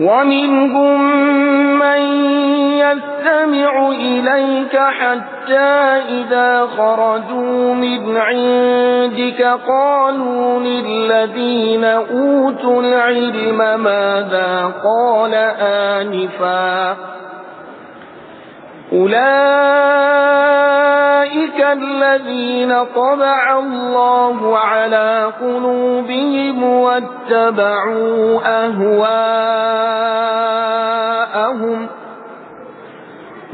ومنهم من يستمع إليك حتى إذا خرجوا من عندك قالوا للذين أوتوا العلم ماذا قال آنفاً أولئك الذين طبع الله على قلوبهم واتبعوا أهواءهم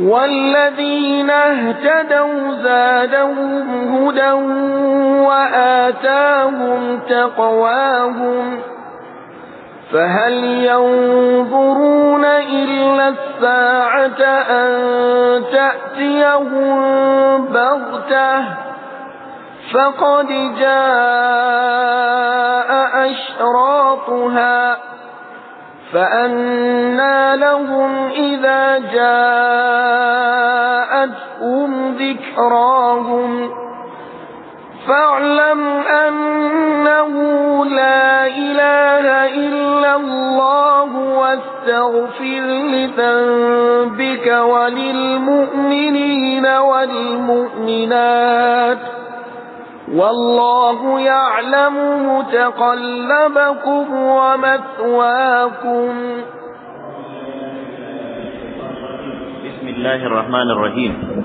والذين اهتدوا زادهم هدى وآتاهم تقواهم فهل ينظرون إلا الساعة أن تأتيهم بغتة فقد جاء أشراطها فأنا لهم إذا جاءتهم ذكراهم فاعلم أنه لا إله إلا الله واستغفر لذنبك وللمؤمنين والمؤمنات والله يعلم متقلبكم ومثواكم بسم الله الرحمن الرحيم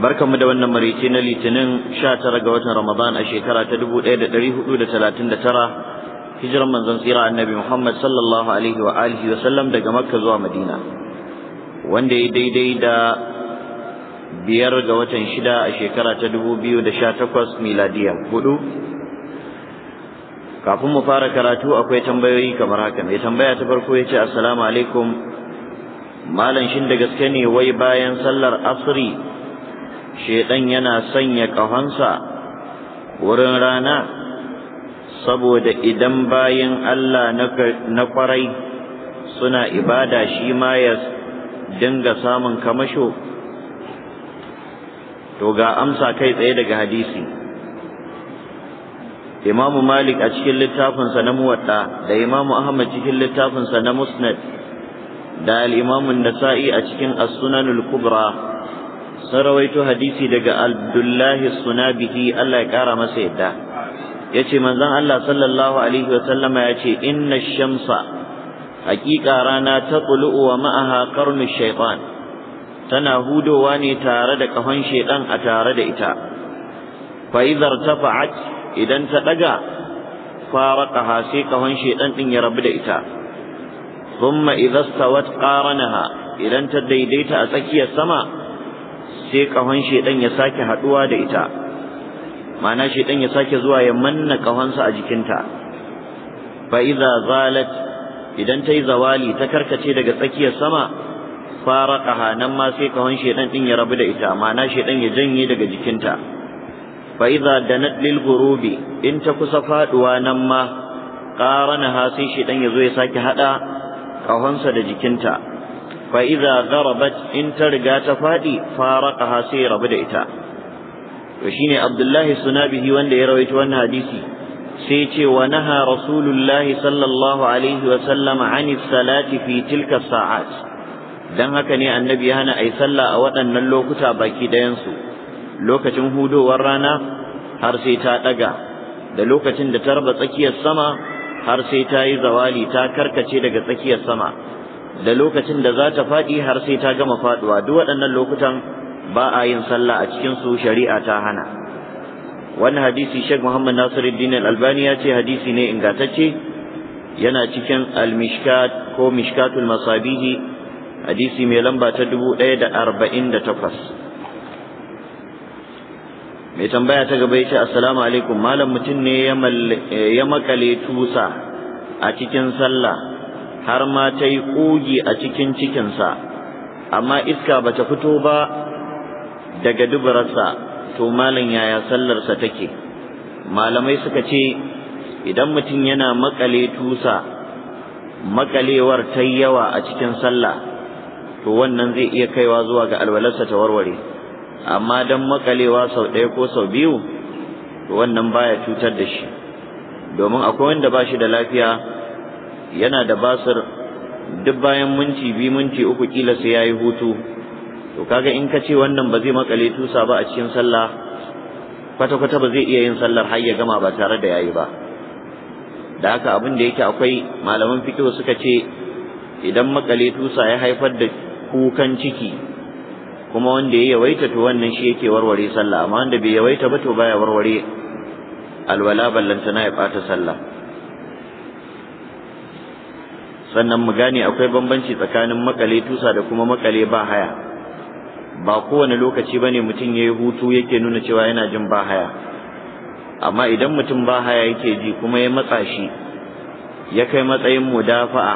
barkamu da wannan marice na litinin 19 ga watan Ramadan a shekara ta 1439 hijiran manzon tsira annabi Muhammad sallallahu alaihi wa alihi wa sallam daga Makka zuwa Madina wanda ya daidai da biyar ga watan shida a shekara ta 2018 miladiya hudu kafin mu fara karatu akwai tambayoyi kamar haka mai tambaya ta farko ya ce assalamu alaikum malam shin da gaske ne wai bayan sallar asri shedan yana sanya ƙahonsa wurin rana saboda idan bayin Allah na kwarai suna ibada shi ma ya dinga samun kamasho to ga amsa kai tsaye daga hadisi imamu malik a cikin littafinsa na muwatta da imamu ahmad cikin littafinsa na musnad da al'imamun nasa'i a cikin as-sunanul kubra sarawaito hadisi daga abdullahi sunabihi Allah ya kara masa yadda yace manzon Allah sallallahu alaihi wa sallama yace inna shamsa haƙiƙa rana ta kulu'u wa ma'aha qarnu shaytan tana hudowa ne tare da kahon shaytan a tare da ita fa idhar tafa'at idan ta daga faraqaha sai kahon shaytan din ya rabu da ita thumma idha stawat qaranaha idan ta daidaita a tsakiyar sama sai kahon shedan ya sake haduwa da ita ma'ana shedan ya sake zuwa ya manna kahonsa a jikinta fa idza zalat idan ta zawali ta karkace daga tsakiyar sama faraqaha nan ma sai kahon shedan din ya rabu da ita ma'ana shedan ya janye daga jikinta fa idza danat lil ghurubi in ta kusa faduwa nan ma qaranaha sai shedan ya zo ya sake hada kahonsa da jikinta Fa'iza idza gharabat in ta riga ta fadi faraqaha sai rabu da ita to shine Abdullahi Sunabihi wanda ya rawaito wannan hadisi sai ce wa naha rasulullahi sallallahu alaihi wa fi tilka sa'at dan haka ne annabi ya hana ai sallah a waɗannan lokuta baki dayan lokacin hudowar rana har sai ta ɗaga, da lokacin da ta raba tsakiyar sama har sai ta yi zawali ta karkace daga tsakiyar sama da lokacin da za ta faɗi har sai ta gama faɗuwa duk waɗannan lokutan ba a yin sallah a cikin su shari'a ta hana wannan hadisi Sheikh Muhammad Nasiruddin Al-Albani ya ce hadisi ne ingantacce yana cikin Al-Mishkat ko Mishkatul Masabihi hadisi mai lamba ta takwas. mai tambaya ta gaba yace assalamu alaikum malam mutum ne ya makale tusa a cikin sallah har ma ta yi ƙugi a cikin cikinsa amma iska ba ta fito ba daga dubararsa to malam yaya sallarsa take malamai suka ce idan mutum yana makale tusa makalewar ta yawa a cikin sallah to wannan zai iya kaiwa zuwa ga alwalarsa ta warware amma don makalewa sau ɗaya ko sau biyu to wannan baya cutar da shi domin akwai wanda ba shi da lafiya yana da basir duk bayan minti biyu minti uku kila sai yayi hutu to kaga in ka ce wannan ba zai makale tusa ba a cikin sallah kwata kwata ba zai iya yin sallar har ya gama ba tare da yayi ba da haka abin da yake akwai malaman fiqh suka ce idan makale tusa ya haifar da kukan ciki kuma wanda ya yawaita to wannan shi yake warware sallah amma wanda bai yawaita ba to baya warware alwala ballantana ya bata sallah sannan mu gane akwai bambanci tsakanin makale tusa da kuma makale ba haya ba kowane lokaci bane mutum yayi hutu yake nuna cewa yana jin ba haya amma idan mutum ba haya yake ji kuma ya matsa shi ya kai matsayin mudafa'a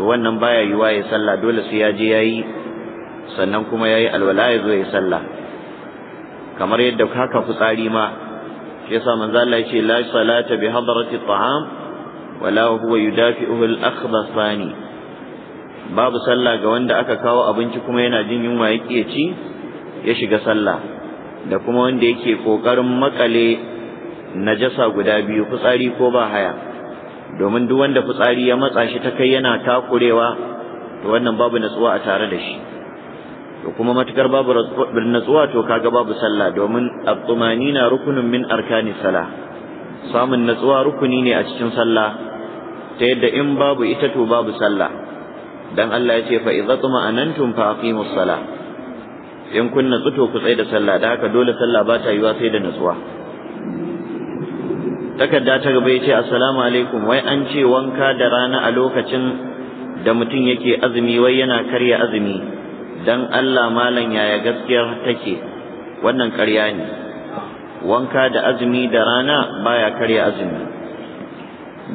to wannan baya yiwa ya salla dole sai ya je yayi sannan kuma yayi alwala ya zo ya sallah kamar yadda haka fitsari ma shi yasa manzo Allah la salata bi hadrati ta'am wala huwa yudafi'uhu al-akhbasani babu sallah ga wanda aka kawo abinci kuma yana jin yunwa yake ci ya shiga sallah da kuma wanda yake kokarin makale najasa guda biyu fitsari ko ba haya domin duk wanda fitsari ya matsa shi ta kai yana takurewa to wannan babu natsuwa a tare da shi to kuma matukar babu natsuwa to kaga babu sallah domin at na rukunun min arkani sala samun natsuwa rukuni ne a cikin sallah ta yadda in babu ita to babu sallah dan Allah ya ce fa idza anantum fa aqimus salah in kun natsu to ku da sallah da haka dole sallah ba ta yiwa sai da natsuwa takarda ta gaba ya ce assalamu alaikum wai an ce wanka da rana a lokacin da mutum yake azumi wai yana karya azumi dan Allah malam yaya gaskiyar take wannan karya ne wanka da azumi da rana baya karya azumi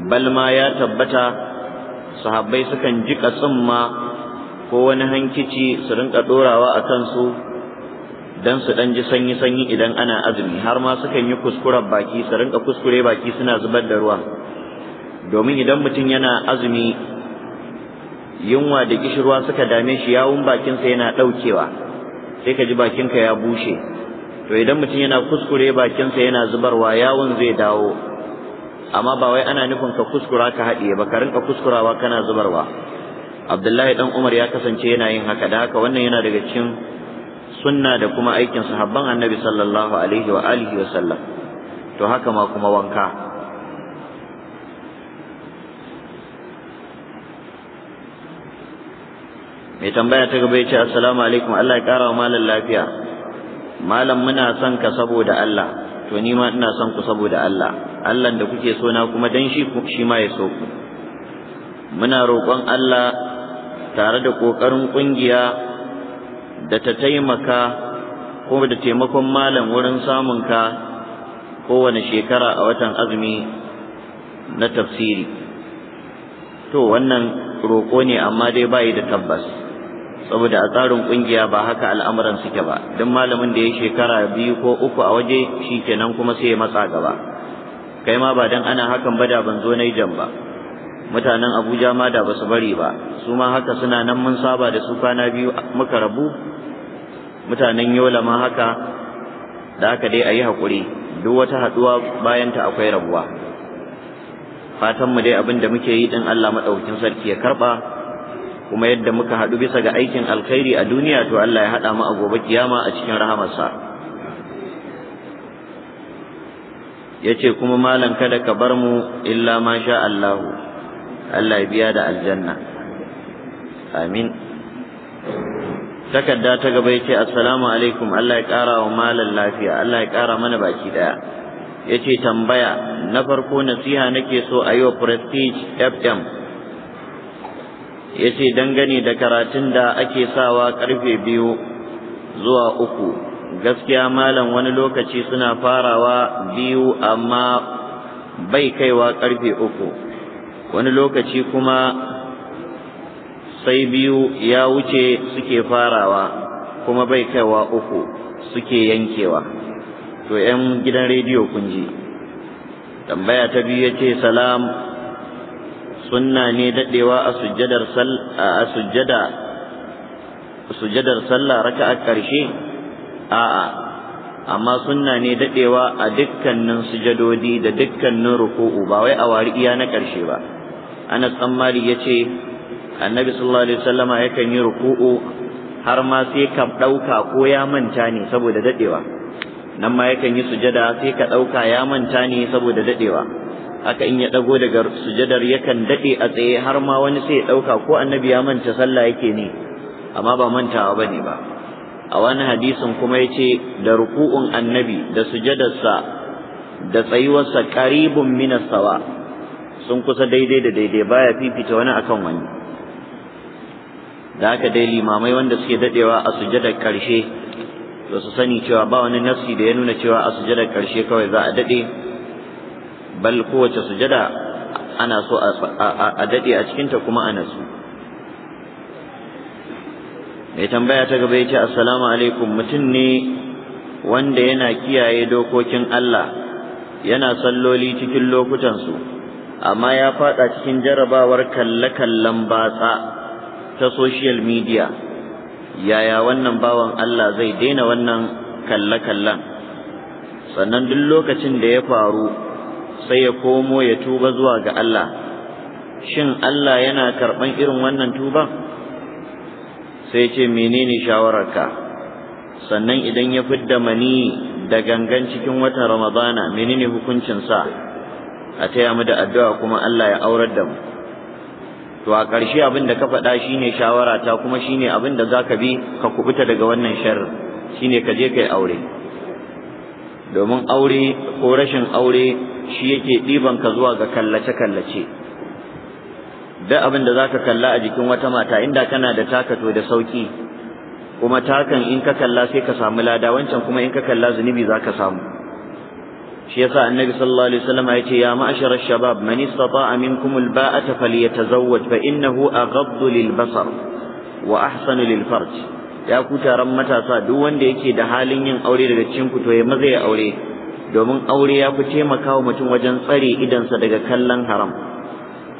balma ya tabbata sahabbai sukan jika tsumma ko wani hankici su rinka dorawa a kansu don su ɗan ji sanyi-sanyi idan ana azumi har ma sukan yi kuskuren baki su rinka kuskure baki suna zubar da ruwa domin idan mutum yana azumi yunwa da kishirwa suka dame shi yawun bakinsa yana ɗaukewa sai ka ji bakinka ya bushe to idan mutum yana kuskure bakinsa yana zubarwa yawun zai dawo amma ba wai ana nufin ka kuskura ka haɗiye ba ka rinka kuskurawa kana zubarwa abdullahi dan umar ya kasance yana yin haka da haka wannan yana daga cikin sunna da kuma aikin sahabban annabi sallallahu alaihi wa alihi wa sallam to haka ma kuma wanka mai tambaya ta gaba ya ce assalamu alaikum Allah ya kara wa malam lafiya malam muna son ka saboda Allah to ni ma ina son ku saboda Allah Allah da kuke so na kuma dan shi shi ma ya so ku muna roƙon Allah tare da ƙoƙarin ƙungiya da ta taimaka ko da taimakon malam wurin samun ka kowane shekara a watan azumi na tafsiri to wannan roƙo ne amma dai bayi da tabbas saboda a tsarin kungiya ba haka al'amuran suke ba duk malamin da ya shekara biyu ko uku a waje shi kenan kuma sai ya matsa gaba kai ma ba dan ana hakan ba da ban zo na jan ba mutanen abuja ma da basu bari ba su ma haka suna nan mun saba da su kwana biyu muka rabu mutanen yola ma haka da haka dai ayi yi haƙuri duk wata haɗuwa bayanta akwai rabuwa fatanmu dai abinda muke yi ɗin allah maɗaukin sarki ya karɓa kuma yadda muka haɗu bisa ga aikin alkhairi a duniya to Allah ya haɗa mu a gobe kiyama a cikin rahamarsa ya ce kuma malam kada ka bar mu illa ma sha Allahu Allah ya biya da aljanna amin takarda ta gaba ya ce assalamu alaikum Allah ya ƙara wa malam lafiya Allah ya ƙara mana baki ɗaya ya ce tambaya na farko nasiha nake so a yi wa prestige fm yace dangane da karatun da ake sawa karfe biyu zuwa uku gaskiya malam wani lokaci suna farawa biyu amma bai kaiwa karfe uku wani lokaci kuma sai biyu ya wuce suke farawa kuma bai kaiwa uku suke yankewa to 'yan gidan rediyo kun ji tambaya ta biyu ya ce salam sunna ne dadewa a sujjadar a sujjada sujjadar sallah raka'a karshe a'a amma sunna ne dadewa a dukkanin sujadodi da dukkanin ruku'u ba wai a wari iya na karshe ba Anas dan yace Annabi sallallahu alaihi wasallama yakan yi ruku'u har ma sai ka dauka ko ya manta ne saboda dadewa nan ma yakan yi sujada sai ka dauka ya manta ne saboda dadewa aka in ya dago daga sujadar yakan dade a tsaye har ma wani sai ya dauka ko annabi ya manta sallah yake ni, amma ba mantawa bane ba a wani hadisin kuma ya ce da ruku'un annabi da sujadarsa da tsayuwarsa qaribun min sawa sun kusa daidai da daidai baya fifita wani akan wani da haka dai limamai wanda suke dadewa a sujadar karshe to su sani cewa ba wani nafsi da ya nuna cewa a sujadar karshe kawai za a dade bal kowace sujada ana so a daɗe a cikinta kuma ana so mai tambaya ta gaba yace assalamu alaikum mutum ne wanda yana kiyaye dokokin Allah yana salloli cikin lokutan su, amma ya fada cikin jarabawar kalle-kallen batsa ta social media yaya wannan bawan Allah zai daina wannan kalle-kallen sannan duk lokacin da ya faru sai ya komo ya tuba zuwa ga Allah shin Allah yana karɓan irin wannan tuban sai ce menene shawararka sannan idan ya fidda mani da gangan cikin watan ramadana menene hukuncinsa a taya mu da addu'a kuma Allah ya aurar da mu to a ƙarshe abin da ka faɗa shine shawara ta kuma shine abin da zaka bi ka kubuta daga wannan sharri shine ka je kai aure domin aure ko rashin aure shi yake ɗiban ka zuwa ga kallace-kallace da abin da zaka kalla a jikin wata mata inda kana da taka to da sauki kuma takan in ka kalla sai ka samu lada wancan kuma in ka kalla zunubi zaka samu shi yasa annabi sallallahu alaihi wasallam ya ce ya ma'ashara shabab man istata'a minkum alba'ata falyatazawwaj fa innahu aghaddu lilbasar wa ahsanu lilfarj ya ku taron matasa duk wanda yake da halin yin aure daga cikin ku to ya maza ya aure domin aure ya fi taimakawa mutum wajen tsare idansa daga kallon haram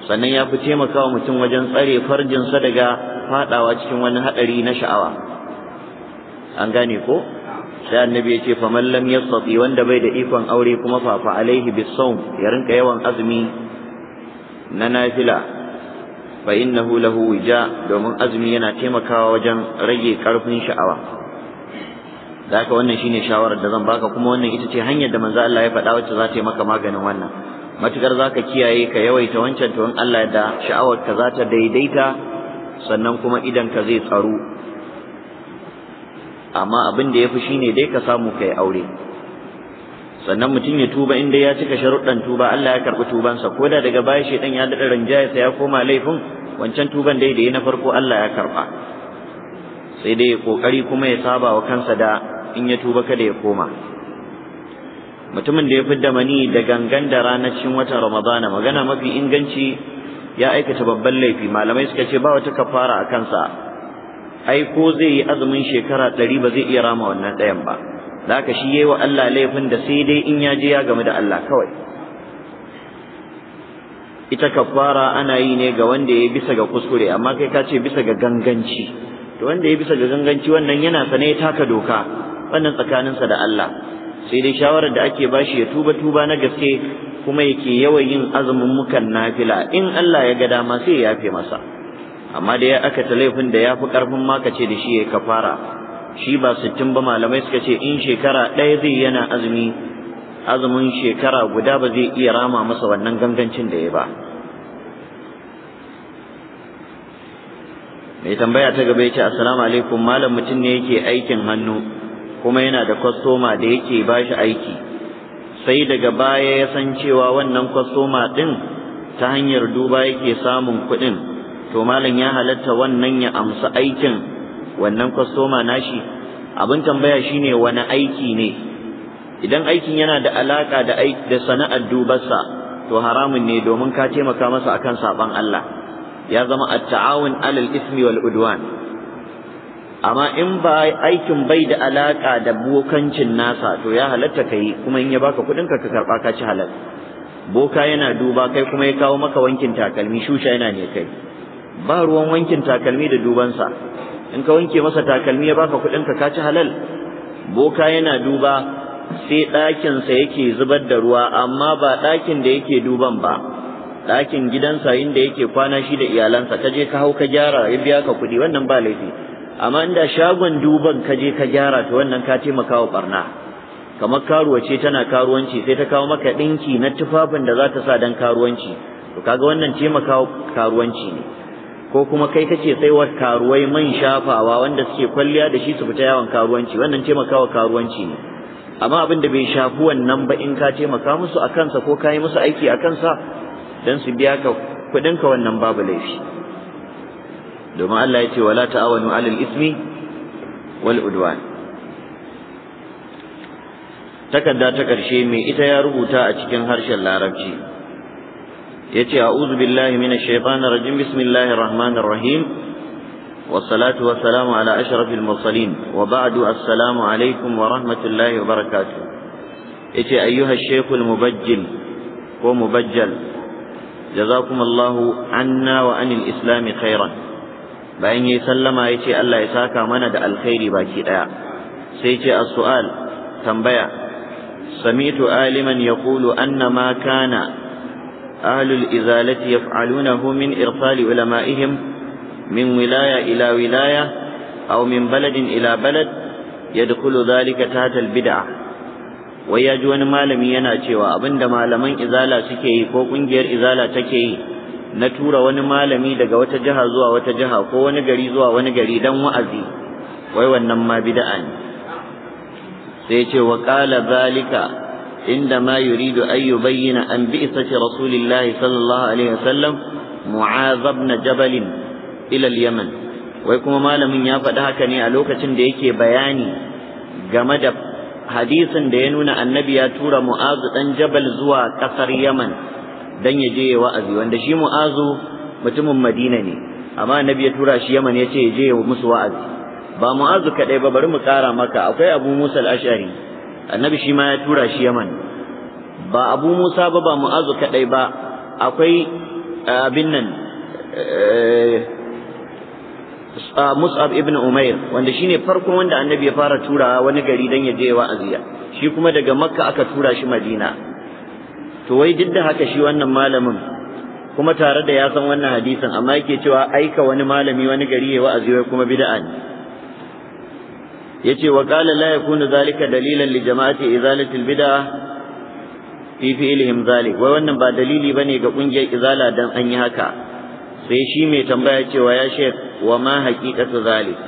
sannan ya fi taimakawa mutum wajen tsare farjinsa daga fadawa cikin wani hadari na sha'awa an gane ko sai annabi ya ce faman lam yastati wanda bai da ikon aure kuma fa fa alaihi bisawm ya rinka yawan azumi na nafila fa innahu lahu wija domin azumi yana taimakawa wajen rage karfin sha'awa da haka wannan shine shawarar da zan baka kuma wannan ita ce hanyar da manzo Allah ya faɗa wacce za ta yi maka maganin wannan matukar za ka kiyaye ka yawaita wancan to in Allah da sha'awar ka za ta daidaita sannan kuma idan ka zai tsaro amma abin da ya fi shine dai ka samu ka yi aure sannan mutum ya tuba inda ya cika sharuɗan tuba Allah ya karɓi tubansa ko da daga baya shaidan ya daɗa rinjaya sa ya koma laifin wancan tuban dai da ya na farko Allah ya karɓa sai dai kokari kuma ya saba wa kansa da in ya tuba kada ya koma mutumin da ya fidda mani da gangan da ranacin cikin watan ramadana magana mafi inganci ya aikata babban laifi malamai suka ce ba wata kafara a kansa ai ko zai yi azumin shekara ɗari ba zai iya rama wannan ɗayan ba da haka shi yi wa Allah laifin da sai dai in ya je ya gamu da Allah kawai ita kafara ana yi ne ga wanda ya bisa ga kuskure amma kai ka ce bisa ga ganganci to wanda ya bisa ga ganganci wannan yana sane ya taka doka wannan tsakaninsa da Allah sai dai shawarar da ake bashi ya tuba tuba na gaske kuma yake yawan yin azumin mukan nafila in Allah ya ga dama sai ya yafe masa amma da ya aka ta laifin da ya fi karfin ma ce da shi ya kafara shi ba sittin ba malamai suka ce in shekara ɗaya zai yana azumi azumin shekara guda ba zai iya rama masa wannan gangancin da ya ba mai tambaya ta gaba ya ce assalamu alaikum malam mutum ne yake aikin hannu kuma yana da kwastoma da yake ba shi aiki sai daga baya ya san cewa wannan kwastoma ɗin ta hanyar duba yake samun kuɗin to malam ya halatta wannan ya amsa aikin wannan kwastoma nashi abin tambaya shine wani aiki ne idan aikin yana da alaƙa da da sana'ar dubarsa to haramun ne domin ka taimaka masa akan saban Allah ya zama at-ta'awun alal ismi wal udwan amma in ba aikin bai da alaka da bokancin nasa to ya halatta kai kuma in ya baka kudin ka ka karɓa ka ci halal boka yana duba kai kuma ya kawo maka wankin takalmi shusha yana ne kai ba ruwan wankin takalmi da dubansa in ka wanke masa takalmi ya baka kuɗin ka ka ci halal boka yana duba sai ɗakinsa yake zubar da ruwa amma ba ɗakin da yake duban ba ɗakin gidansa inda yake kwana shi da iyalansa ka je ka hau ka gyara ya biya ka kuɗi wannan ba laifi amma inda shagon duban ka je ka gyara to wannan ka taimaka wa barna kamar karuwa ce tana karuwanci sai ta kawo maka ɗinki na tufafin da za ta sa dan karuwanci to kaga wannan taimaka karuwanci ne ko kuma kai kace sai wa karuwai man shafawa wanda suke kwalliya da shi su fita yawan karuwanci wannan taimakawa karuwanci ne amma abin da bai shafi wannan ba in ka taimaka musu a kansa ko ka yi musu aiki a kansa don su biya ka kuɗinka wannan babu laifi domin Allah ya ce wala ta'awanu alal ismi wal takarda ta karshe me ita ya rubuta a cikin harshen larabci yace a'udhu mina minash shaitani rajim bismillahir rahmanir rahim wassalatu wassalamu ala ashrafil mursalin wa ba'du assalamu alaikum wa rahmatullahi wa barakatuh yace ayyuha shaykhul mubajjil ko mubajjal jazakumullahu anna wa anil islami khairan bayan yayi sallama yace Allah ya saka mana da alkhairi baki daya sai yace as-su'al tambaya sami'tu aliman yaqulu anna ma kana ahlul izalati yaf'alunahu min irsal ulama'ihim min wilaya ila wilaya aw min baladin ila balad yadkhulu dhalika tahta al-bid'ah wai ya wani malami yana cewa abinda malaman izala suke yi ko kungiyar izala take yi na tura wani malami daga wata jiha zuwa wata jiha ko wani gari zuwa wani gari dan wa'azi wai wannan ma bid'a ne sai ce wa qala zalika inda ma yuridu an yubayyana an bi'sati rasulillahi sallallahu alaihi wasallam mu'az ibn jabal ila al-yaman wai kuma malamin ya faɗi haka ne a lokacin da yake bayani game da hadisin da ya nuna annabi ya tura mu'azu dan jabal zuwa ƙasar yaman dan ya je ya wa'azi wanda shi mu'azu mutumin madina ne amma annabi ya tura shi yaman ya ce ya je ya musu wa'azi ba mu'azu kadai ba bari mu kara maka akwai abu musa al-ash'ari annabi shi ma ya tura shi yaman ba abu musa ba ba mu'azu kadai ba akwai eh, abin nan eh, eh, Mus'ab ibn Umair wanda shine farkon wanda annabi ya fara turawa wani gari dan ya je wa'aziya shi kuma daga Makka aka tura shi Madina to wai duk da haka shi wannan malamin kuma tare da ya san wannan hadisin amma yake cewa aika wani malami wani gari ya wa'azi wai kuma bid'a ne yace wa qala la yakunu zalika dalilan li jama'ati izalati bid'a fi fi'lihim zalik wai wannan ba dalili bane ga kungiyar izala dan an yi haka sai shi mai tambaya cewa ya shek wa ma haqiqatu zalik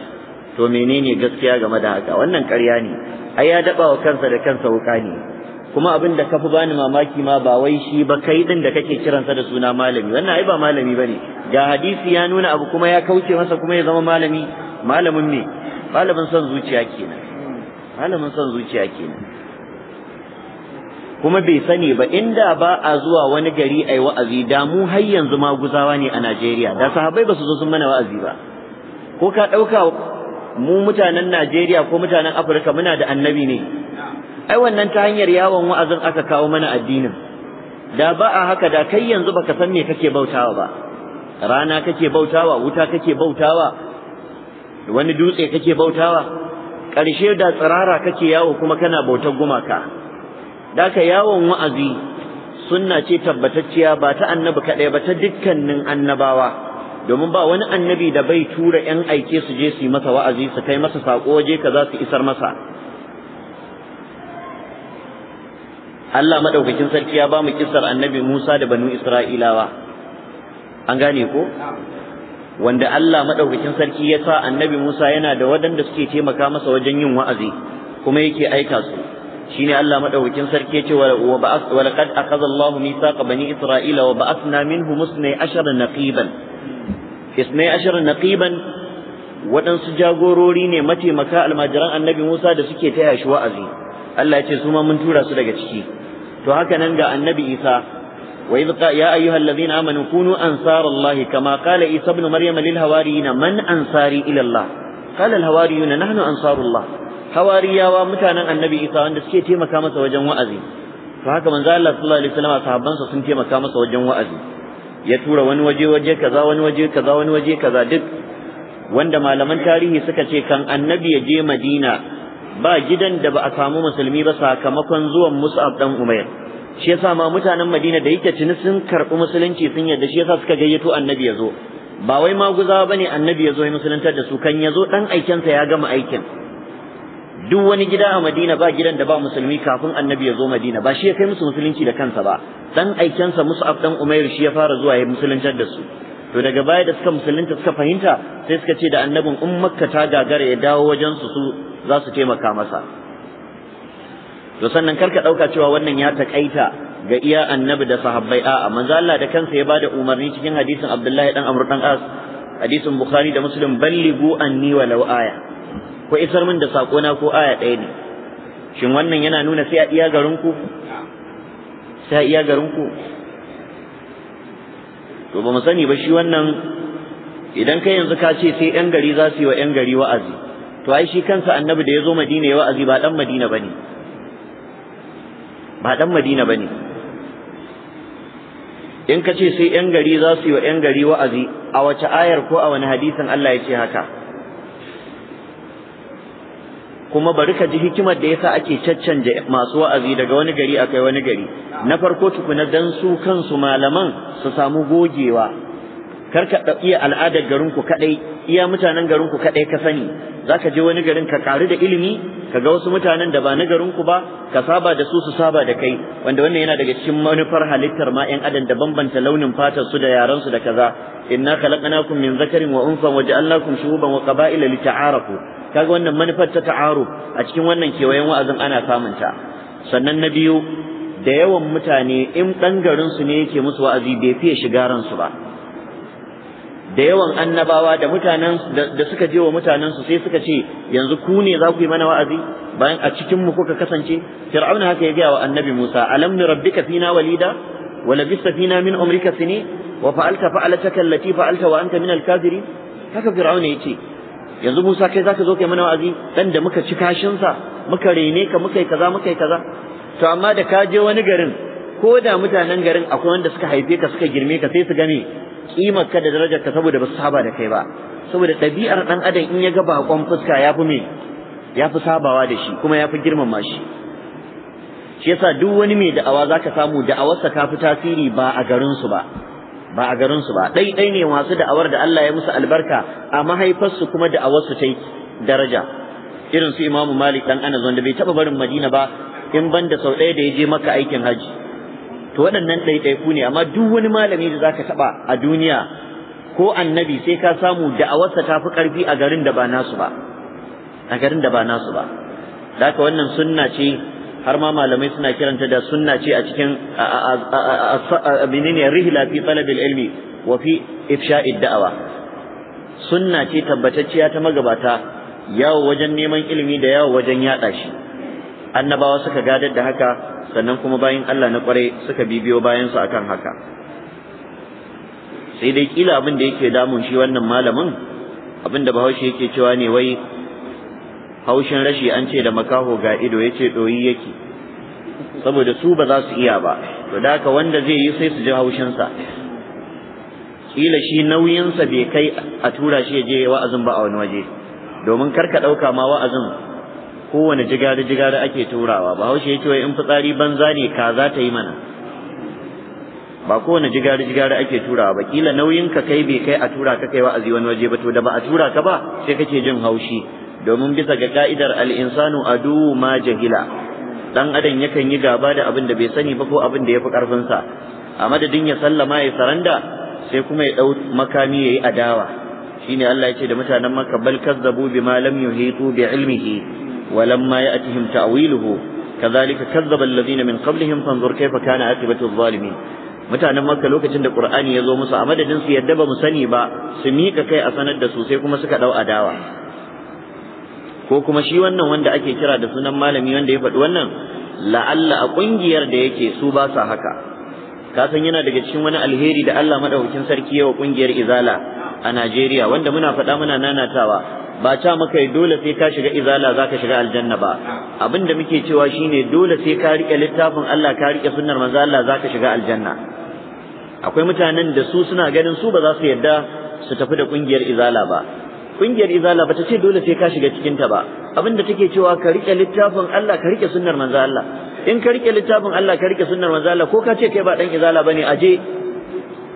to menene gaskiya game da haka wannan ƙarya ne ai ya daba wa kansa da kansa wuka ne kuma abin da kafi bani mamaki ma ba wai shi ba kai din da kake kiransa da suna malami wannan ai ba malami bane ga hadisi ya nuna abu kuma ya kauce masa kuma ya zama malami malamin ne malamin son zuciya kenan malamin son zuciya kenan kuma bai sani ba inda ba a zuwa wani gari ai wa'azi da mu har yanzu ma guzawa ne a Najeriya da sahabbai ba su zo sun mana wa'azi ba ko ka ɗauka mu mutanen Najeriya ko mutanen Afirka muna da annabi ne ai wannan ta hanyar yawon wa'azin aka kawo mana addinin da ba a haka da kai yanzu baka san me kake bautawa ba rana kake bautawa wuta kake bautawa wani dutse kake bautawa ƙarshe da tsirara kake yawo kuma kana bautar gumaka da ka yawon wa'azi sunna ce tabbatacciya ba ta annabi kaɗai ba ta dukkanin annabawa domin ba wani annabi da bai tura 'yan aike su je su yi masa wa'azi su kai masa sako waje ka za su isar masa Allah madaukakin sarki ya bamu kissar annabi Musa da banu Isra'ilawa an gane ko wanda Allah madaukakin sarki ya sa annabi Musa yana da wadanda suke taimaka masa wajen yin wa'azi kuma yake aika su shine Allah madaukakin sarki yace wa ba'ath wa laqad akhadha Allahu mithaqa bani Isra'ila wa ba'athna minhum musnay ashara naqiban isnay ashara naqiban waɗansu jagorori ne mataimaka almajiran annabi Musa da suke taya shi wa'azi Allah ya ce su ma mun tura su daga ciki to haka nan ga annabi isa wa idh qala ya ayyuha alladhina amanu kunu ansar allah kama qala isa ibn maryam lil hawariyin man ansari ila allah qala al hawariyun nahnu ansarullah hawariyawa mutanen annabi isa wanda suke taimaka masa wajen wa'azi to haka manzo allah sallallahu alaihi wasallam sahabbansa sun taimaka masa wajen wa'azi ya tura wani waje waje kaza wani waje kaza wani waje kaza duk wanda malaman tarihi suka ce kan annabi ya je madina ba gidan da ba a samu musulmi ba sakamakon zuwan Mus'ab dan Umair shi yasa ma mutanen Madina da yake tuni sun karɓi musulunci sun yarda shi yasa suka gayyato annabi ya zo ba wai maguzawa bane annabi ya zo ya musuluntar da su kan ya zo dan sa ya gama aikin duk wani gida a Madina ba gidan da ba musulmi kafin annabi ya zo Madina ba shi ya kai musu musulunci da kansa ba dan sa Mus'ab dan Umair shi ya fara zuwa ya musuluntar da su to daga baya da suka musulunta suka fahimta sai suka ce da annabin in Makka ta gagara ya dawo wajen su su za su taimaka masa to sannan karka ɗauka cewa wannan ya taƙaita ga iya annabi da sahabbai a'a manzo Allah da kansa ya bada umarni cikin hadisin Abdullahi dan Amr dan As hadisin Bukhari da Muslim ballighu anni walau aya ko isar min da sako na ko aya ɗaya ne shin wannan yana nuna sai a iya garin ku sai a iya garin ku to ba mu sani ba shi wannan idan kai yanzu ka ce sai yan gari za su yi wa yan gari wa'azi to ai shi kansa annabi da ya zo madina ya wa'azi ba dan madina bane ba dan madina bane in ka ce sai yan gari za su yi wa yan gari wa'azi a wace ayar ko a wani hadisin Allah ya ce haka kuma bari ka ji hikimar da yasa ake caccanje masu wa'azi daga wani gari akai wani gari na farko tukuna dan su kansu malaman su samu gogewa kar ka iya al'adar garinku kadai iya mutanen garinku kadai ka sani zaka je wani garin ka karu da ilimi ka ga wasu mutanen da ba na garinku ba ka saba da su su saba da kai wanda wannan yana daga cikin manufar halittar ma yan adam da bambanta launin fatar su da yaran su da kaza inna khalaqnakum min zakarin wa unsa wa ja'alnakum shu'uban wa qaba'ila ta'arafu kaga wannan manufar ta ta'aruf a cikin wannan kewayen wa'azin ana samun ta sannan na biyu da yawan mutane in ɗan garinsu ne yake musu wa'azi bai fiye shiga ransu ba da yawan annabawa da mutanen da suka je wa mutanen su sai suka ce yanzu ku ne za ku yi mana wa'azi bayan a cikin mu kuka kasance fir'auna haka ya ga wa annabi Musa alam rabbika fina walida wa labista fina min umrika sini wa fa'alta fa'alataka allati fa'alta wa anta min al-kafirin haka fir'auna yace yanzu Musa kai zaka zo kai mana wa'azi dan da muka ci kashin sa muka rene ka muka yi kaza muka yi kaza to amma da ka je wani garin ko da mutanen garin akwai wanda suka haife ka suka girme ka sai su gane kimar ka da darajar ka saboda ba su saba da kai ba saboda ɗabi'ar ɗan adam in ya ga bakon fuska ya fi me ya sabawa da shi kuma ya fi girmama shi shi yasa duk wani mai da'awa zaka samu da'awarsa ta fi tasiri ba a garin ba ba a garin su ba dai dai ne masu da'awar da Allah ya musu albarka a mahaifarsu kuma da'awarsu ta daraja irin su Imam Malik dan Anas wanda bai taba barin Madina ba in banda sau ɗaya da ya je maka aikin hajji. to waɗannan ɗaiɗaiku ne amma duk wani malami da zaka taɓa a duniya ko annabi sai ka samu da'awarsa ta fi ƙarfi a garin da ba nasu ba a garin da ba nasu ba haka wannan sunna ce har ma malamai suna kiranta da sunna ce a cikin menene rihla fi talabil ilmi wa fi ifsha'id da'awa sunna ce tabbatacciya ta magabata yawo wajen neman ilimi da yawo wajen yaɗa shi annabawa suka gadar da haka sannan kuma bayan Allah na kwarai suka bibiyo bayan su akan haka sai dai kila abin da yake damun shi wannan malamin abin da bahaushe yake cewa ne wai haushin rashi an ce da makaho ga ido yace doyi yake saboda su ba za su iya ba to da haka wanda zai yi sai su ji haushin sa kila shi nauyinsa bai kai a tura shi ya je wa'azin ba a wani waje domin karka ɗauka ma wa'azin kowane jigari jigari ake turawa ba haushe ya ce in fitsari banza ne ka za ta yi mana ba kowane jigari jigari ake turawa ba kila nauyin ka kai bai kai a tura ka kai wa'azi wani waje ba to da ba a tura ka ba sai kake jin haushi domin bisa ga ka'idar al'insanu insanu adu ma jahila dan adam yakan yi gaba da abin da bai sani ba ko abin da ya fi karfinsa a madadin ya sallama ya saranda sai kuma ya dau makami ya yi adawa shine Allah ya ce da mutanen Makka bal kazzabu bima lam yuhitu bi ilmihi ولما يأتهم تأويله كذلك كذب الذين من قبلهم فانظر كيف كان عاقبة الظالمين mutanen makka lokacin da qur'ani ya zo musu a madadin su yadda ba mu sani ba su mika kai a sanar da su sai kuma suka dau adawa ko kuma shi wannan wanda ake kira da sunan malami wanda ya faɗi wannan la'alla a kungiyar da yake su ba sa haka ka san yana daga cikin wani alheri da Allah madaukakin sarki yawa kungiyar izala a Najeriya wanda muna faɗa muna nanatawa ba ta maka dole sai ka shiga izala za ka shiga aljanna ba abin da muke cewa shine dole sai ka rike littafin Allah ka rike sunnar manzo Allah za ka shiga aljanna akwai mutanen da su suna ganin su ba za su yadda su tafi da ƙungiyar izala ba ƙungiyar izala ba ta ce dole sai ka shiga cikinta ba abin da take cewa ka rike littafin Allah ka rike sunnar manzo Allah in ka rike littafin Allah ka rike sunnar manzo Allah ko ka ce kai ba dan izala bane aje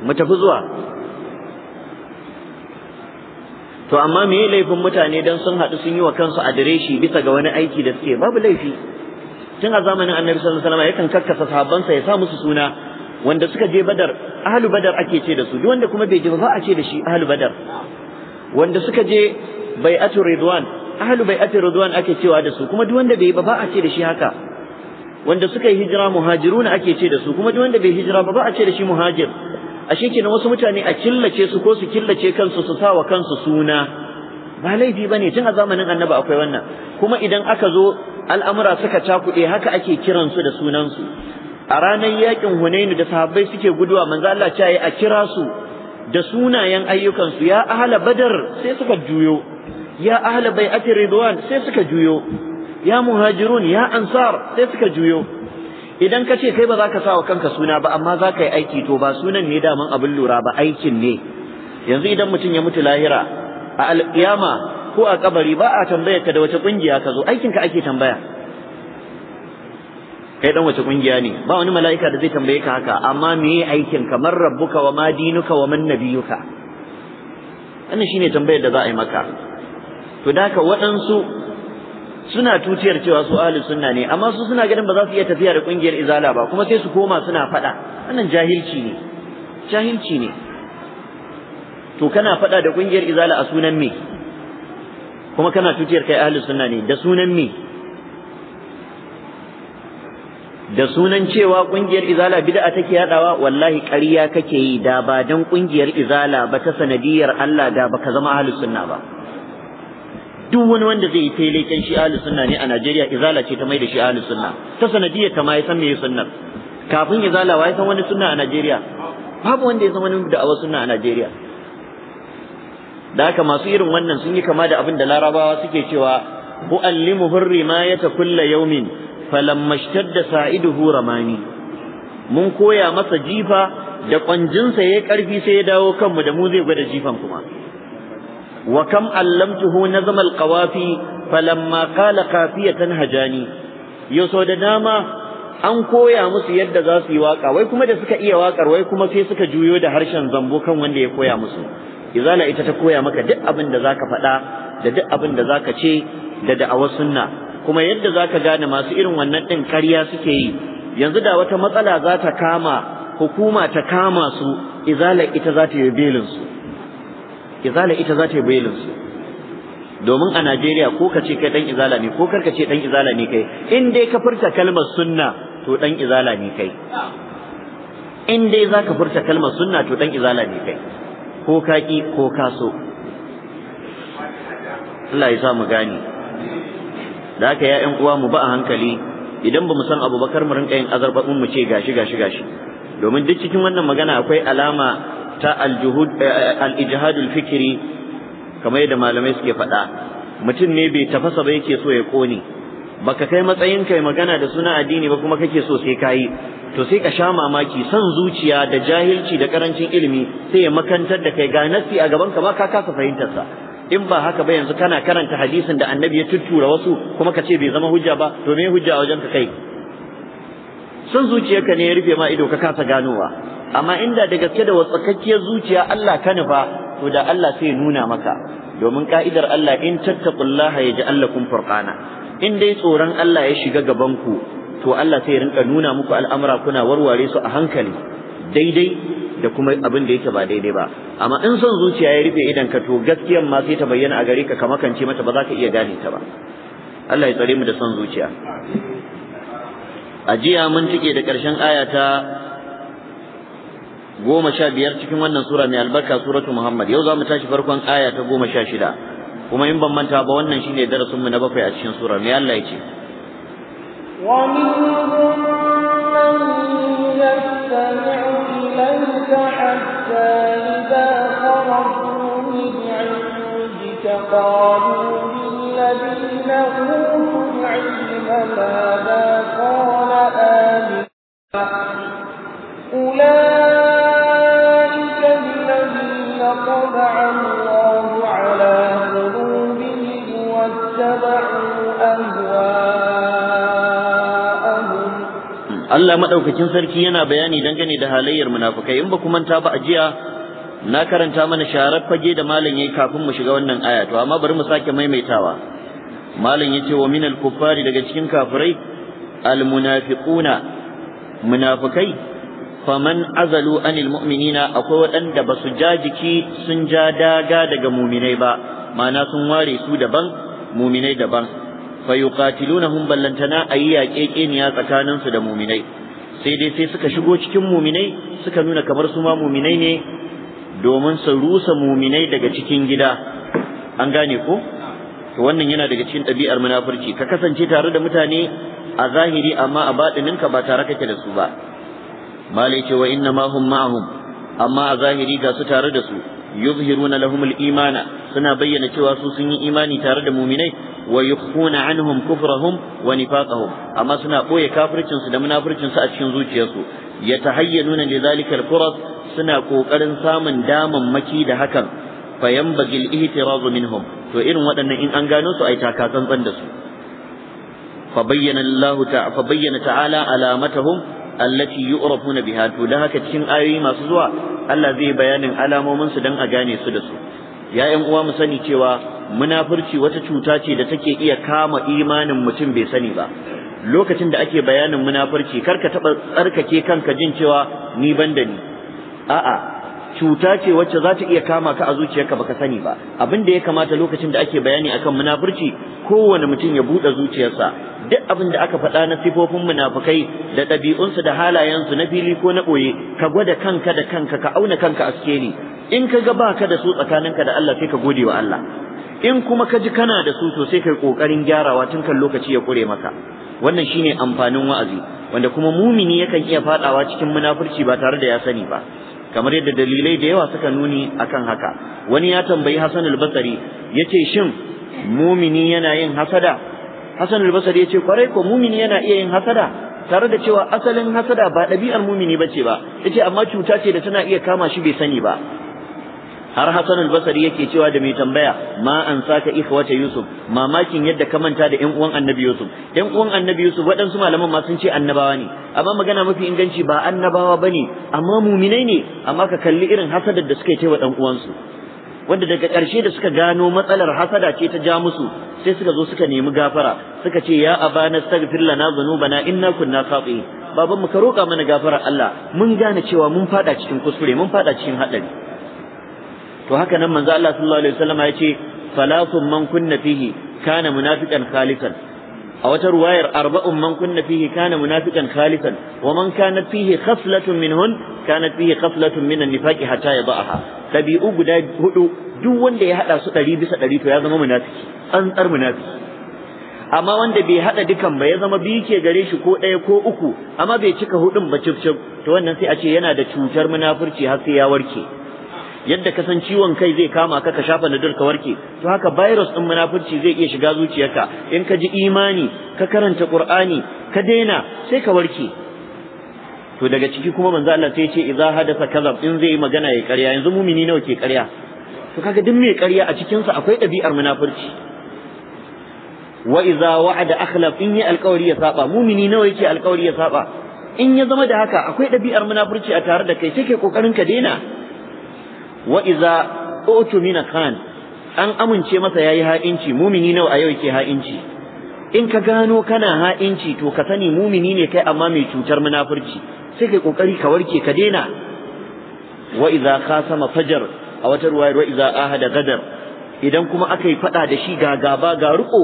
mu tafi zuwa to amma me laifin mutane dan sun haɗu sun yi wa kansu adireshi bisa ga wani aiki da suke babu laifi tun a zamanin annabi sallallahu alaihi wasallam yakan kakkasa sahabbansa ya sa musu suna wanda suka je badar ahlu badar ake ce da su duk wanda kuma bai je ba a ce da shi ahlu badar wanda suka je bai'atu ridwan ahlu bai'atu ridwan ake cewa da su kuma duk wanda bai ba ba a ce da shi haka wanda suka yi hijira muhajiruna ake ce da su kuma duk wanda bai hijira ba ba a ce da shi muhajir ashe kenan wasu mutane a killace su ko su killace kansu su sa wa kansu suna ba laifi ne, tun a zamanin annabi akwai wannan kuma idan aka zo al'amura suka cakuɗe haka ake kiransu da sunansu a ranar yakin hunainu da sahabbai suke guduwa manzo Allah ta yi a kira su da sunayen ayyukansu ya ahla badar sai suka juyo ya ahla bai'ati ridwan sai suka juyo ya muhajirun ya ansar sai suka juyo idan ka ce kai ba za ka sa wa kanka suna ba amma za ka yi aiki to ba sunan ne daman abin lura ba aikin ne yanzu idan mutum ya mutu lahira a alƙiyama ko a kabari ba a tambaya ka da wace ƙungiya ka zo aikin ka ake tambaya kai dan wace ƙungiya ne ba wani mala'ika da zai tambaye ka haka amma me aikin kamar man rabbuka wa madinuka wa man nabiyuka wannan shine tambayar da za a yi maka to da haka waɗansu suna tutiyar cewa su ahli sunna ne amma su suna ganin ba za su iya tafiya da kungiyar izala ba kuma sai su koma suna faɗa wannan jahilci ne jahilci ne to kana faɗa da kungiyar izala a sunan me kuma kana tutiyar kai ahli sunna ne da sunan me da sunan cewa kungiyar izala bid'a take yadawa wallahi ƙarya kake yi da ba dan kungiyar izala ba ta sanadiyar Allah da baka zama ahli sunna ba duk wani wanda zai yi feleken shi ahlus sunna ne a Najeriya izala ce ta mai da shi ahlus sunna ta sanadiyar ta ma ya san me sunna kafin izala wa ya san wani sunna a Najeriya babu wanda ya san wani da'awa sunna a Najeriya da haka masu irin wannan sun yi kama da abin da larabawa suke cewa ya ta kulla yawmin falamma da sa'iduhu ramani mun koya masa jifa da kwanjinsa ya karfi sai ya dawo kanmu da mu zai gwada jifan kuma وكم علمته نظم القوافي فلما قال قافية هجاني يسو da dama an koya musu yadda za su yi waka wai kuma da suka iya wakar wai kuma sai suka juyo da harshen zambo kan wanda ya koya musu izala ita ta koya maka duk abin da zaka faɗa da duk abin da zaka ce da da'awar sunna kuma yadda zaka gane masu irin wannan din ƙarya suke yi yanzu da wata matsala za ta kama hukuma ta kama su izala ita za ta yi belin su izala ita za ta yi bailin su domin a Najeriya ko ka ce kai dan izala ne ko karka ce dan izala ne kai in dai ka furta kalmar sunna to dan izala ne kai in dai za ka furta kalmar sunna to dan izala ne kai ko ka ki ko ka so Allah ya sa mu gane da haka ya'yan ƴan uwa mu ba a hankali idan ba mu san Abubakar mu rinka yin azarbaɗin mu ce gashi gashi gashi domin duk cikin wannan magana akwai alama ta eh, eh, al-ijhadul fikri kamar yadda malamai suke faɗa mutum ne bai tafasa ba yake so ya kone baka kai matsayin kai magana da suna addini ba kuma kake so sai kayi to sai ka sha mamaki son zuciya da jahilci da karancin ilimi sai ya makantar da kai ga nasi a gaban ka ba ka kasa fahimtar sa in ba haka ba yanzu kana karanta hadisin da annabi ya tuttura wasu kuma ka ce bai zama hujja ba to me hujja a wajen ka kai son zuciyarka ne ya rufe ma ido ka kasa ganowa amma inda da gaske da wasakakkiyar zuciya Allah ka nufa to da Allah sai nuna maka domin ka'idar Allah in tattaqullaha yaj'al lakum furqana in dai tsoron Allah ya shiga gaban ku to Allah sai rinka nuna muku al'amura kuna warware su a hankali daidai da kuma abin da yake ba daidai ba amma in son zuciya ya rufe idan ka to gaskiyar ma sai ta bayyana a gare ka ka makance mata ba za ka iya gane ta ba Allah ya tsare mu da son zuciya a jiya mun cike da ƙarshen aya ta goma sha biyar cikin wannan sura mai albarka suratu Muhammad yau za mu tashi farkon aya ta goma sha shida kuma in ban manta ba wannan shine darasin mu na bakwai a cikin sura mai Allah yake ومنهم من يستمع إليك حتى إذا خرجوا من عندك قالوا للذين أوتوا العلم ماذا قال آمنا أولئك فطبع الله على قلوبهم واتبعوا أهواءهم Allah madaukakin sarki yana bayani dangane da halayyar munafukai in ba ku manta ba a jiya na karanta mana sharar fage da malam yayi kafin mu shiga wannan aya to amma bari mu sake maimaitawa malam yace wa minal kuffari daga cikin kafirai al munafiquna munafukai faman azalu anil mu'minina akwai waɗanda ba su ja jiki sun ja daga daga muminai ba ma'ana sun ware su daban muminai daban fa yuqatilunahum ballantana ayi yaƙeƙeniya tsakanin su da muminai sai dai sai suka shigo cikin muminai suka nuna kamar su ma muminai ne domin su rusa muminai daga cikin gida an gane ko to wannan yana daga cikin ɗabi'ar munafurci ka kasance tare da mutane a zahiri amma a baɗininka ba tare kake da su ba malai ce wa inna ma hum amma a zahiri ga su tare da su yuzhiruna lahum al-imana suna bayyana cewa su sun yi imani tare da muminai wa yukhuna anhum kufrahum wa nifaqahum amma suna boye kafircin su da munafircin su a cikin zuciyarsu yatahayyanuna li zalika al-furas suna kokarin samun daman maki da hakan fayambagil al-ihtiraz minhum to irin waɗannan in an gano su ai taka tsantsan da su fa bayyana Allah ta'ala alamatahum allati yu'rafuna biha to dan haka cikin ayoyi masu zuwa Allah zai bayanin alamomin su dan a gane su da su ya ƴan uwa mu sani cewa munafurci wata cuta ce da take iya kama imanin mutum bai sani ba lokacin da ake bayanin munafurci karka taba tsarkake kanka jin cewa ni ban ni a'a cuta ce wacce za ta iya kama ka a zuciyarka baka sani ba abin da ya kamata lokacin da ake bayani akan munafurci kowane mutum ya buɗe zuciyarsa duk abin da aka faɗa na sifofin munafukai da ɗabi'unsu da halayensu na fili ko na ɓoye ka gwada kanka da kanka ka auna kanka a sikeli in ka ga baka da su tsakaninka da Allah sai ka gode wa Allah in kuma ka ji kana da su to sai kai kokarin gyarawa tun kan lokaci ya kure maka wannan shine amfanin wa'azi wanda kuma mumini yakan iya faɗawa cikin munafurci ba tare da ya sani ba kamar yadda dalilai da yawa suka nuni akan haka wani ya tambayi Hassan al-Basri yace shin mumini yana yin hasada Hassan al-Basri yace kwarai ko mumini yana iya yin hasada tare da cewa asalin hasada ba ɗabi'ar mumini bace ba yace amma cuta ce da tana iya kama shi bai sani ba har Hassan al-Basri yake cewa da mai tambaya ma an saka ikhwata Yusuf mamakin yadda ka manta da ƴan uwan Annabi Yusuf ƴan uwan Annabi Yusuf waɗansu malaman ma sun ce annabawa ne amma magana mafi inganci ba annabawa bane amma muminai ne amma ka kalli irin hasadar da suka yi ta wa ɗan uwansu wanda daga ƙarshe da suka gano matsalar hasada ce ta ja musu sai suka zo suka nemi gafara suka ce ya abana astaghfir lana dhunubana inna kunna khati'in baban mu ka roƙa mana gafara Allah mun gane cewa mun fada cikin kuskure mun fada cikin hadari to haka nan manzo Allah sallallahu alaihi wasallam ya ce salatun man kunna fihi kana munafiqan khalisan a wata ruwayar arba'un man kunna fihi kana munafiqan khalisan wa man kana fihi khaflatun minhun kanat fihi khaflatun min an-nifaqi hatta yada'aha tabi'u guda hudu duk wanda ya hada su 100 bisa 100 to ya zama munafiki an tsar munafiki amma wanda bai hada dukan ba ya zama biyu ke gare shi ko ɗaya ko uku amma bai cika hudun ba cif to wannan sai a ce yana da cutar munafurci har sai ya warke yadda ka san ciwon kai zai kama ka ka shafa nadir ka warke to haka virus din munafurci zai iya shiga zuciyarka in ka ji imani ka karanta qur'ani ka daina sai ka warke to daga ciki kuma manzo Allah sai ya ce idza hadatha kadhab in zai yi magana ya ƙarya yanzu mumini nawa ke ƙarya to kaga duk mai ƙarya a cikin sa akwai ɗabi'ar munafurci wa idza wa'ada akhlaf in yi alƙawari ya saba mumini nawa yake alƙawari ya saba in ya zama da haka akwai ɗabi'ar munafurci a tare da kai sai ke kokarin ka daina wa iza mina khan an amince masa yayi ha'inci mumini nawa a yau yake ha'inci in ka gano kana ha'inci to ka sani mumini ne kai amma mai cutar munafurci sai kai kokari ka warke ka daina wa iza khasama fajar a wata ruwaya wa iza ahada gadar idan kuma aka yi fada da shi ga gaba ga ruko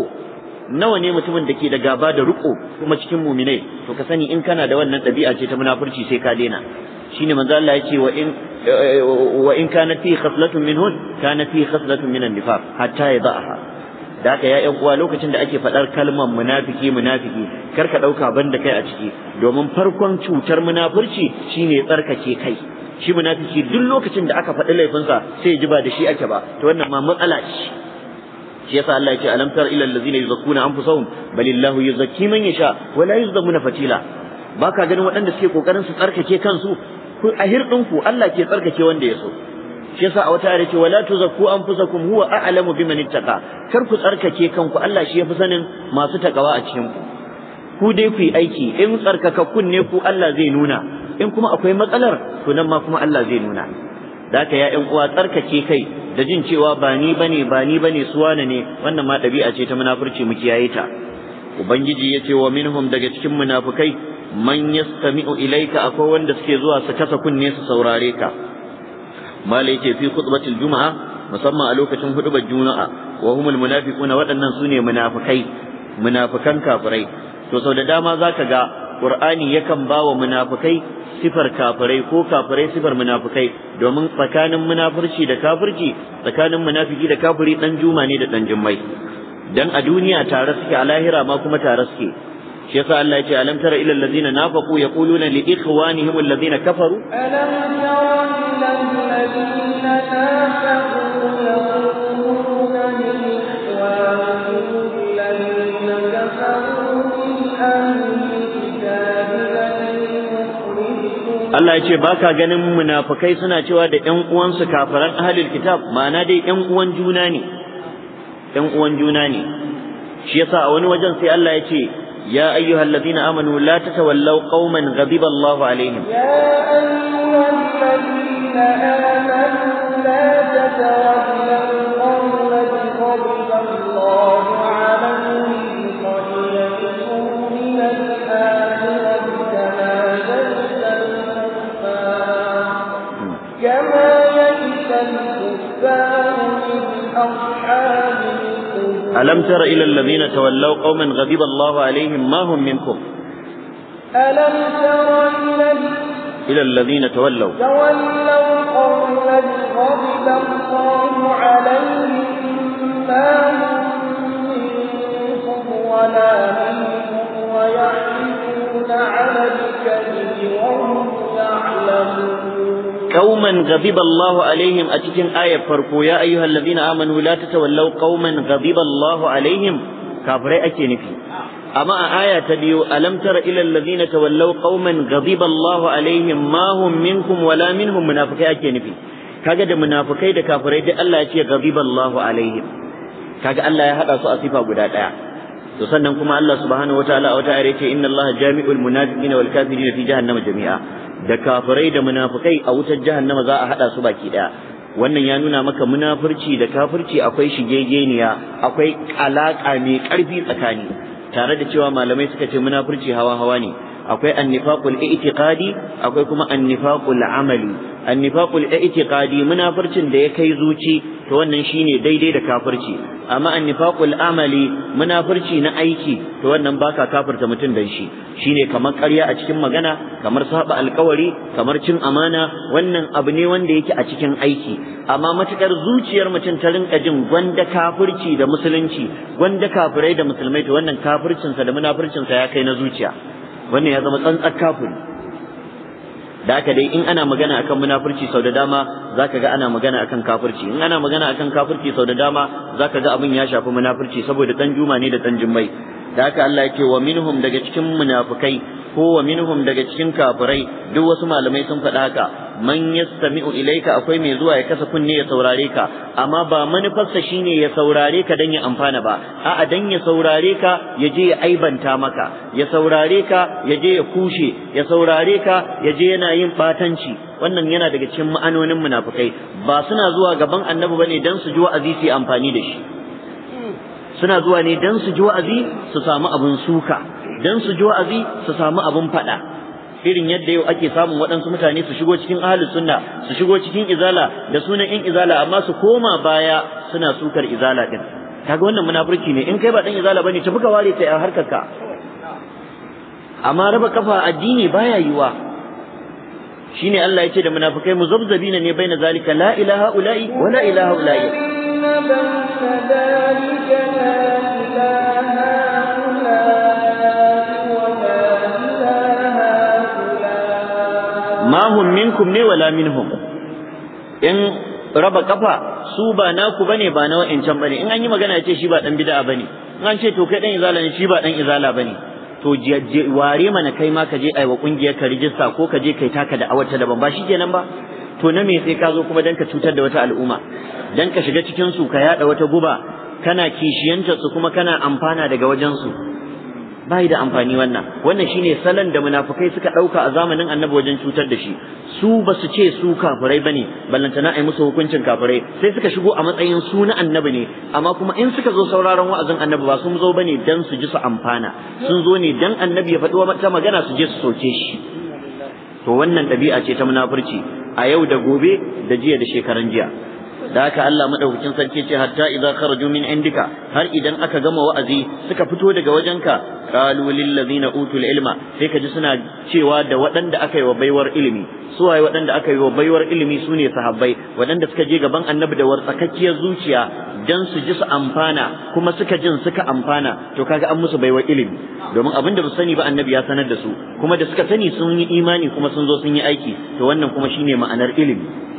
nawa ne mutumin da ke da gaba da ruƙo kuma cikin muminai to ka sani in kana da wannan ɗabi'a ce ta munafurci sai ka daina shine manzo Allah yace wa in wa in kanat fi khaslatun minhun fi khaslatun minan nifaq hatta yadaha da haka ya ƴan uwa lokacin da ake faɗar kalmar munafiki munafiki kar ka ɗauka ban da kai a ciki domin farkon cutar munafurci shine tsarkake kai shi munafiki duk lokacin da aka faɗi laifinsa sai ji ba da shi ake ba to wannan ma matsala ce shi yasa Allah yake alam tar ila allazina yuzakkuna anfusahum balillahu yuzakki man yasha wala yuzlamuna fatila baka ganin waɗanda suke ƙoƙarin su tsarkake kansu Ku a hirɗinku Allah ke tsarkake wanda ya so shi yasa a wata ayar ce wala tuzakku anfusakum huwa a'lamu biman ittaqa kar ku tsarkake kanku Allah shi yafi sanin masu takawa a cikin ku ku dai ku yi aiki in tsarkakakkun ne ku Allah zai nuna in kuma akwai matsalar to nan ma kuma Allah zai nuna daka ya ƴan uwa tsarkake kai da jin cewa ba ni bane ba ni bane suwana ne wannan ma ɗabi'a ce ta munafurci mu kiyaye ta ubangiji ya ce wa minhum daga cikin munafukai man yastami'u ilayka akwai wanda suke zuwa su kasa kunne su saurare ka malai ce fi khutbatil juma'a musamman a lokacin hudubar juma'a wa humul munafiquna waɗannan sune munafikai munafikan kafirai to sau da dama zaka ga qur'ani yakan bawa munafikai sifar kafirai ko kafirai sifar munafikai domin tsakanin munafurci da kafirci tsakanin munafiki da kafiri dan juma ne da dan jummai dan a duniya tare suke a lahira ma kuma tare suke shi yasa Allah ya ce alam tara ila allazina nafaqu yaquluna li ikhwanihim allazina kafaru alam tara ila allazina nafaqu yaquluna li ikhwanihim allazina kafaru min Allah ya ce ba ka ganin munafukai suna cewa da ƴan uwansu kafiran ahlul kitab ma'ana dai ƴan uwan juna ne ƴan uwan juna ne shi yasa a wani wajen sai Allah ya ce يا أيها الذين آمنوا لا تتولوا قوما غضب الله عليهم يا أيها الذين آمنوا لا تتولوا قوما غضب الله عليهم قد يئسوا كما يئس الكفار كما يئس الكفار من أصحاب ألم تر إلى الذين تولوا قوما غضب الله عليهم ما هم منكم ألم تر إلى إلى الذين تولوا تولوا قوما غضب الله عليهم ما هم منكم ولا منهم ويحلفون على الكذب وهم يعلمون qauman ghadiba Allahu alaihim a cikin ayar farko ya ayyuhal ladina amanu la tatawallaw qauman ghadiba Allahu alaihim kafirai ake nufi amma a aya ta biyu alam tara ila alladhina tawallaw qauman ghadiba Allahu alaihim ma hum minkum wala minhum munafiqai ake nufi kaga da munafikai da kafirai da Allah ya ce ghadiba Allahu alaihim kaga Allah ya hada su a sifa guda daya to sannan kuma Allah subhanahu wataala a wata ayar yace inna Allah jami'ul munafiqina wal kafirina fi jahannama jami'a da kafirai da munafukai a wutar jahannama za a hada su baki daya wannan ya nuna maka munafurci da kafirci akwai shigegeniya akwai alaka mai karfi tsakani tare da cewa malamai suka ce munafurci hawa hawa ne akwai annifaqul i'tiqadi akwai kuma annifaqul amali annifaqul i'tiqadi munafircin da ya kai zuci to wannan shine daidai da kafirci amma annifaqul amali munafirci na aiki to wannan baka kafirta mutum dan shi shine kamar ƙarya a cikin magana kamar saba alƙawari kamar cin amana wannan abu ne wanda yake a cikin aiki amma matukar zuciyar mutum ta rinka jin gwanda kafirci da musulunci gwanda kafirai da musulmai to wannan kafircinsa da munafircinsa ya kai na zuciya wannan ya zama tsantsar kafin. da haka dai in ana magana akan munafurci sau da dama za ka ga ana magana akan kafurci. in ana magana akan kafurci sau da dama za ka ga abin ya shafi munafurci saboda dan juma ne da dan jummai da haka Allah yake wa minhum daga cikin munafukai ko wa minhum daga cikin kafirai duk wasu malamai sun faɗa haka man yastami'u ilaika akwai mai zuwa ya kasa kunne ya saurare ka amma ba manufarsa shine ya saurare ka dan ya amfana ba a'a dan ya saurare ka ya je ya aibanta maka ya saurare ka ya je ya kushe ya saurare ka ya je yana yin batanci wannan yana daga cikin ma'anonin munafukai. ba suna zuwa gaban annabi bane dan su ji wa'azi su amfani da shi suna zuwa ne dan su ji wa'azi su samu abun suka dan su ji wa'azi su samu abun faɗa. irin yadda yau ake samun waɗansu mutane su shigo cikin ahlus sunna su shigo cikin izala da sunan in izala amma su koma baya suna sukar izala din kaga wannan munafurci ne in kai ba dan izala bane tafi ka ware ta a harkar ka amma raba kafa addini baya yiwa shine Allah yace da munafikai muzabzabina ne baina zalika la ilaha ula'i wa la ilaha ula'i ma hum minkum ne wala minhum in raba kafa su ba naku bane ba na wa'ancan bane in an yi magana ce shi ba dan bid'a bane in an ce to kai dan izala ne shi ba dan izala bane to ware mana kai ma ka je ai wa kungiyar ka rijista ko ka je kai taka da awata daban ba shikenan ba to na me sai ka zo kuma dan ka cutar da wata al'umma dan ka shiga cikin su ka yada wata guba kana kishiyanta su kuma kana amfana daga wajen su bai da amfani wannan wannan shine salon da munafukai suka ɗauka a zamanin annabi wajen cutar da shi su ba su ce su kafirai bane ballantana ai musu hukuncin kafirai sai suka shigo a matsayin su na annabi ne amma kuma in suka zo sauraron wa'azin annabi ba sun zo bane dan su ji su amfana sun zo ne dan annabi ya faɗi wata magana su je su soke shi to wannan ɗabi'a ce ta munafurci a yau da gobe da jiya da shekaran jiya da haka Allah madaukakin sarki ce hatta idza kharaju min indika har idan aka gama wa'azi suka fito daga wajenka qalu lil ladzina utul ilma sai ka ji suna cewa da waɗanda aka yi wa baiwar ilimi su waye waɗanda aka yi wa baiwar ilimi su ne sahabbai waɗanda suka je gaban annabi da wartsakakkiyar zuciya dan su ji su amfana kuma suka jin suka amfana to kaga an musu baiwar ilimi domin abin da ba sani ba annabi ya sanar da su kuma da suka sani sun yi imani kuma sun zo sun yi aiki to wannan kuma shine ma'anar ilimi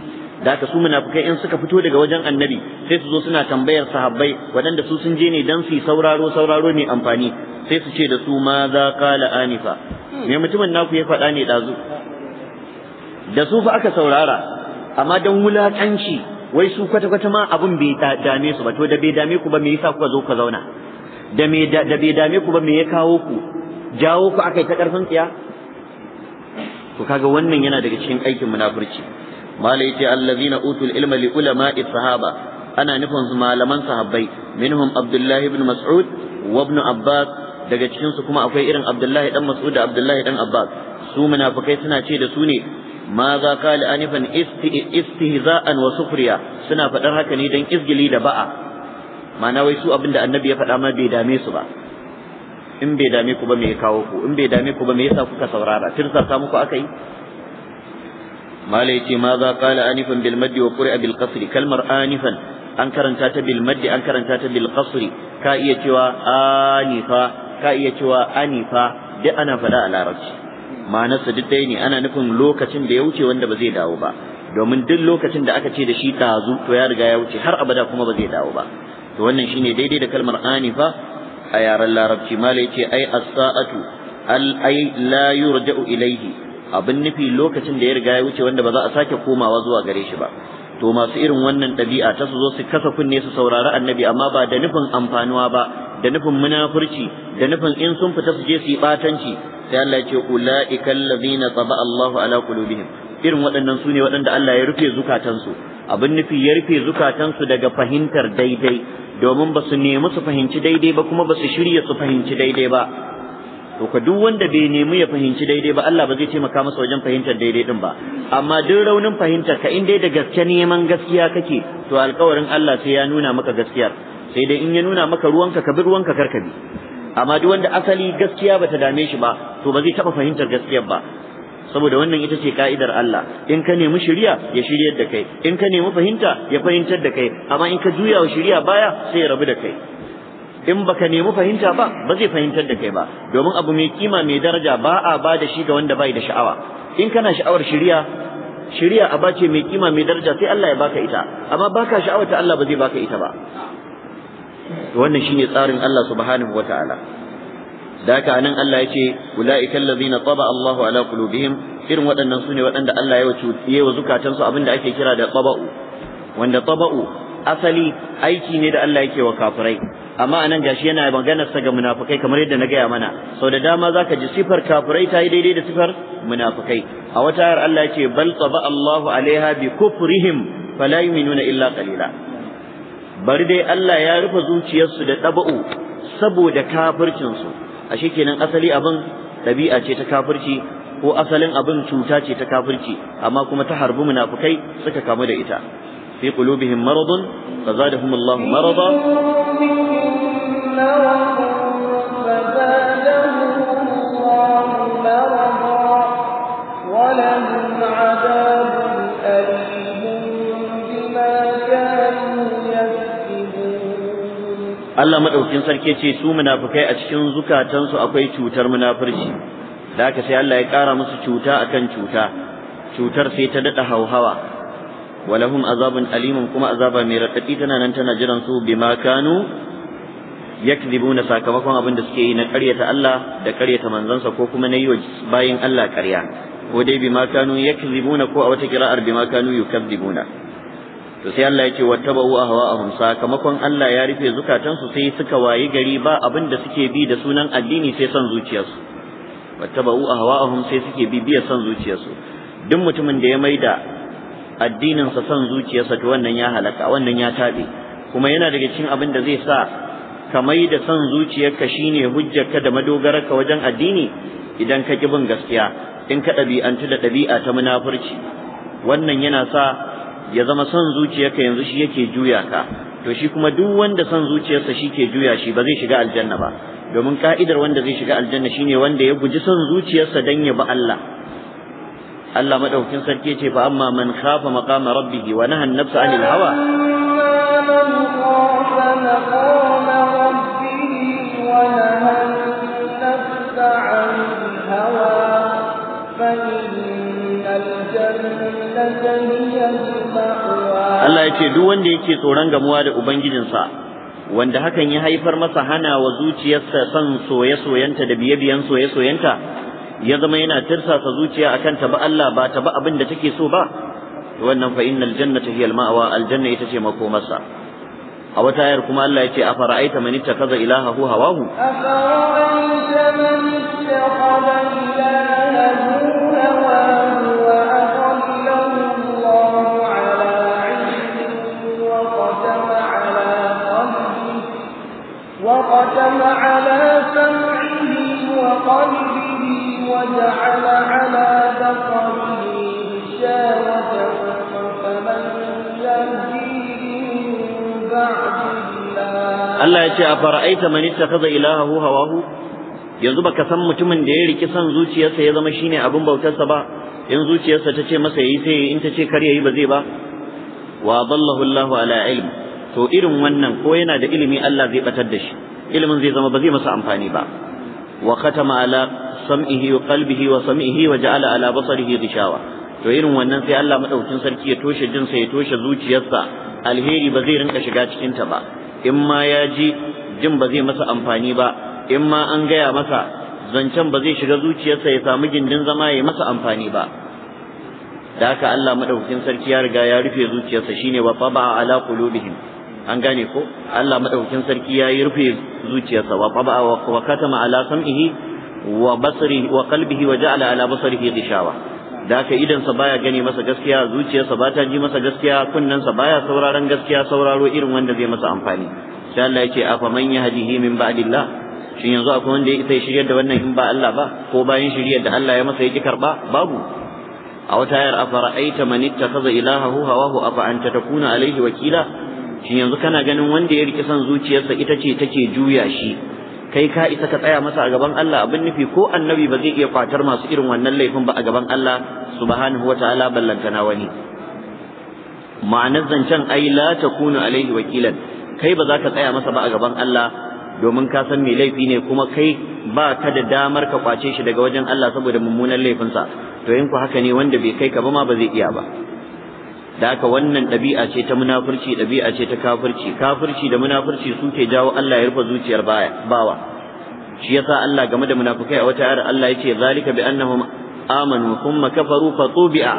da ka su munafikai in suka fito daga wajen annabi sai su zo suna tambayar sahabbai waɗanda su sun je ne dan su sauraro sauraro mai amfani sai su ce da su ma za kala anifa me mutumin naku ya faɗa ne ɗazu da su fa aka saurara amma dan wulaƙanci wai su kwata-kwata ma abin bai dame su ba to da bai dame ku ba me yasa kuka zo ku zauna da bai dame ku ba me ya kawo ku jawo ku aka yi ta ƙarfin tsiya to kaga wannan yana daga cikin aikin munafurci mala yace allazina utul ilma li ulama'i sahaba ana nufin malaman sahabbai minhum abdullahi ibn mas'ud wa ibn abbas daga cikin su kuma akwai irin abdullahi dan mas'ud da abdullahi dan abbas su munafikai suna ce da su ne ma za ka anifan istihza'an wa sufriya suna faɗar haka ne dan izgili da ba'a ma'ana wai su abinda annabi ya faɗa ma bai dame su ba in bai dame ku ba me ya kawo ku in bai dame ku ba me yasa kuka saurara saka muku aka yi malai ce ma za qala anifan bil maddi wa qur'a bil qasri kalmar anifan an karanta ta bil maddi an karanta ta bil ka iya cewa anifa ka iya cewa anifa duk ana faɗa a larabci ma'anarsa duk ɗaya ne ana nufin lokacin da ya wuce wanda ba zai dawo ba domin duk lokacin da aka ce da shi tazu to ya riga ya wuce har abada kuma ba zai dawo ba to wannan shine daidai da kalmar anifa a yaren larabci malai ai as-sa'atu al ay la yurja'u abin nufi lokacin da ya riga ya wuce wanda ba za a sake komawa zuwa gare shi ba to masu irin wannan ɗabi'a ta su zo su kasa kunne su saurari annabi amma ba da nufin amfanuwa ba da nufin munafurci da nufin in sun fita su je su yi batanci sai Allah ya ce ulaika allazina taba Allahu ala qulubihim irin waɗannan su ne waɗanda Allah ya rufe zukatansu abin nufi ya rufe zukatansu daga fahimtar daidai domin ba su nemi su fahimci daidai ba kuma ba su shirya su fahimci daidai ba to ka duk wanda bai nemi ya fahimci daidai ba Allah ba zai taimaka masa wajen fahimtar daidai din ba amma duk raunin fahimtar ka in dai da gaske neman gaskiya kake to alƙawarin Allah sai ya nuna maka gaskiyar sai dai in ya nuna maka ruwanka ka bi ruwanka karka bi amma duk wanda asali gaskiya bata dame shi ba to ba zai taba fahimtar gaskiyar ba saboda wannan ita ce ka'idar Allah in ka nemi shiriya ya shiryar da kai in ka nemi fahimta ya fahimtar da kai amma in ka juya wa shiriya baya sai ya rabu da kai in baka nemi fahimta ba ba zai fahimtar da kai ba domin abu mai kima mai daraja ba a ba da shi ga wanda bai da sha'awa in kana sha'awar shiriya shiriya aba ce mai kima mai daraja sai Allah ya baka ita amma baka sha'awar ta Allah ba zai baka ita ba wannan shine tsarin Allah subhanahu wataala daka nan Allah ya ce ulaika allazina taba Allahu ala qulubihim irin waɗannan ne waɗanda Allah ya wace wa zukatansu abinda ake kira da taba'u wanda taba'u asali aiki ne da Allah yake wa kafirai amma anan gashi yana maganar sa ga munafikai kamar yadda na gaya mana sau da dama zaka ji sifar kafirai ta yi daidai da sifar munafikai a wata har Allah ya ce bal taba Allahu alaiha bi kufrihim fala yu'minuna illa qalila bari dai Allah ya rufe zuciyarsu da tabu saboda kafircin su ashe kenan asali abin dabi'a ce ta kafirci ko asalin abin cuta ce ta kafirci amma kuma ta harbi munafikai suka kamu da ita في قلوبهم مرض فزادهم الله مرضا Allah عذاب sarki بما ce su munafikai a cikin zukatansu akwai cutar munafirci. da haka sai Allah ya kara musu cuta akan cuta cutar sai ta dada hawhawa. ولهم عذاب أليم كما عذاب ميرتقي تنا ننتنا جرن سو بما كانوا يكذبون سakamakon abin da suke yi na ƙaryata Allah da ƙaryata manzansa ko kuma na yiwa bayan bayin Allah ƙarya ko dai bima kanu yakzibuna ko a wata kira'ar bima kanu yukadzibuna to sai Allah yake wattaba'u ahwa'ahum sakamakon Allah ya rufe zukatansu sai suka wayi gari ba abin da suke bi da sunan addini sai son sai suke bi biya son zuciyarsu duk mutumin da ya maida addinin sa son zuciyarsa to wannan ya halaka wannan ya tabe kuma yana daga cikin abin da zai sa ka mai da son zuciyarka shine ka da madogararka wajen addini idan ka ki bin gaskiya in ka ɗabi'antu da ɗabi'a ta munafurci wannan yana sa ya zama son zuciyarka yanzu shi yake juya ka to shi kuma duk wanda son zuciyarsa shi ke juya shi ba zai shiga aljanna ba domin ka'idar wanda zai shiga aljanna shine wanda ya guji son zuciyarsa dan ya bi Allah Allah madaukakin sarki ce fa amma man khafa maqama rabbih wa nahan nafsa anil hawa Allah ya ce duk wanda yake tsoron gamuwa da ubangijinsa wanda hakan ya haifar masa hana wa zuciyarsa son soye-soyenta da biye-biyen soye-soyenta ya zama yana tirsasa zuciya akan ta ba Allah ba ta ba abin da take so ba wannan fa innal jannata hiya al-ma'wa aljanna ita ce makomarsa a wata ayar kuma Allah ya ce afara'aita man ittakaza ilahahu hawahu afara'aita hawahu وختم على سمعه وقلبه وجعل على بصره غشاوة فمن يهديه من بعد الله الله يجي أفرأيت من اتخذ إلهه هواه yanzu baka san mutumin da ya riki son zuciyarsa ya zama shine abin bautarsa ba in zuciyarsa ta ce masa yayi sai in ta ce kar yayi ba zai ba wa dallahu Allah ala ilm to irin wannan ko yana da ilimi Allah zai batar da shi ilimin zai zama ba zai masa amfani ba wa khatama ala sam'ihi wa qalbihi wa sam'ihi wa ja'ala ala basarihi ghishawa to irin wannan sai Allah madaukin sarki ya toshe jinsa ya toshe zuciyarsa alheri ba zai rinka shiga cikin ta ba in ma ya ji jin ba zai masa amfani ba in ma an gaya masa zancen ba zai shiga zuciyarsa ya samu gindin zama ya masa amfani ba da haka Allah madaukin sarki ya riga ya rufe zuciyarsa shine wa taba ala qulubihim an gane ko Allah madaukin sarki ya yi rufe zuciyarsa wa taba wa katama ala sam'ihi wa basri wa qalbihi wa ja'ala ala da haka idan sa baya gani masa gaskiya zuciyarsa ba ta ji masa gaskiya kunnen sa baya sauraron gaskiya sauraro irin wanda zai masa amfani sai Allah yake afa man yahdihi min ba'dillah shin yanzu akwai wanda ya isa shiryar da wannan in ba Allah ba ko bayan shiryar da Allah ya masa yake karba babu a wata yar afara'aita man ittakhadha ilahahu hawahu afa anta takuna alaihi wakila shin yanzu kana ganin wanda ya riki son zuciyarsa ita ce take juya shi kai ka isa ka tsaya masa a gaban Allah abin nufi ko annabi ba zai iya kwatar masu irin wannan laifin ba a gaban Allah subhanahu ta'ala ballantana wani ma'anar zancen ai la takunu alaihi wakilan kai ba za ka tsaya masa ba a gaban Allah domin ka san mai laifi ne kuma kai ba ka da damar ka kwace shi daga wajen Allah saboda mummunan laifinsa to in ku haka ne wanda bai kai ka ba ma ba zai iya ba da haka wannan ɗabi'a ce ta munafurci ɗabi'a ce ta kafirci kafirci da munafurci suke jawo Allah ya rufe zuciyar bawa shi yasa Allah game da munafukai a wata ayar Allah yace zalika bi annahum amanu thumma kafaru fa tubi'a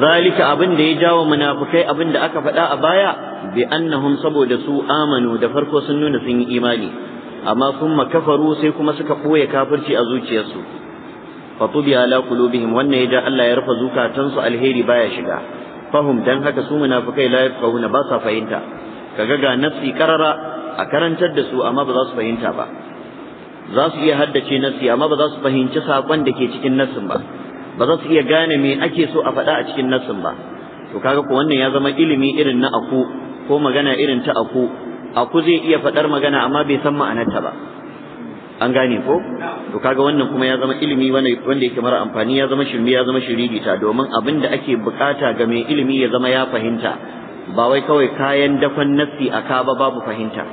zalika abin da ya jawo munafukai abin da aka faɗa a baya bi annahum saboda su amanu da farko sun nuna sun yi imani amma kuma kafaru sai kuma suka boye kafirci a zuciyarsu fatubi ala qulubihim wannan ya ja Allah ya rufe zukatansu alheri baya shiga fahum dan haka su munafikai la yafqahuna ba sa fahimta kaga ga nafsi karara a karantar da su amma ba za su fahimta ba za su iya haddace nafsi amma ba za su fahimci sakon da ke cikin nassin ba ba za su iya gane me ake so a faɗa a cikin nasin ba to kaga ko wannan ya zama ilimi irin na aku ko magana irin ta aku aku zai iya faɗar magana amma bai san ma'anarta ba an gane ko to kaga wannan kuma ya zama ilimi wanda yake mara amfani ya zama shirme ya zama shiririta domin abin da ake bukata ga mai ilimi ya zama ya fahimta ba wai kawai kayan dakon nassi a ka ba babu fahimta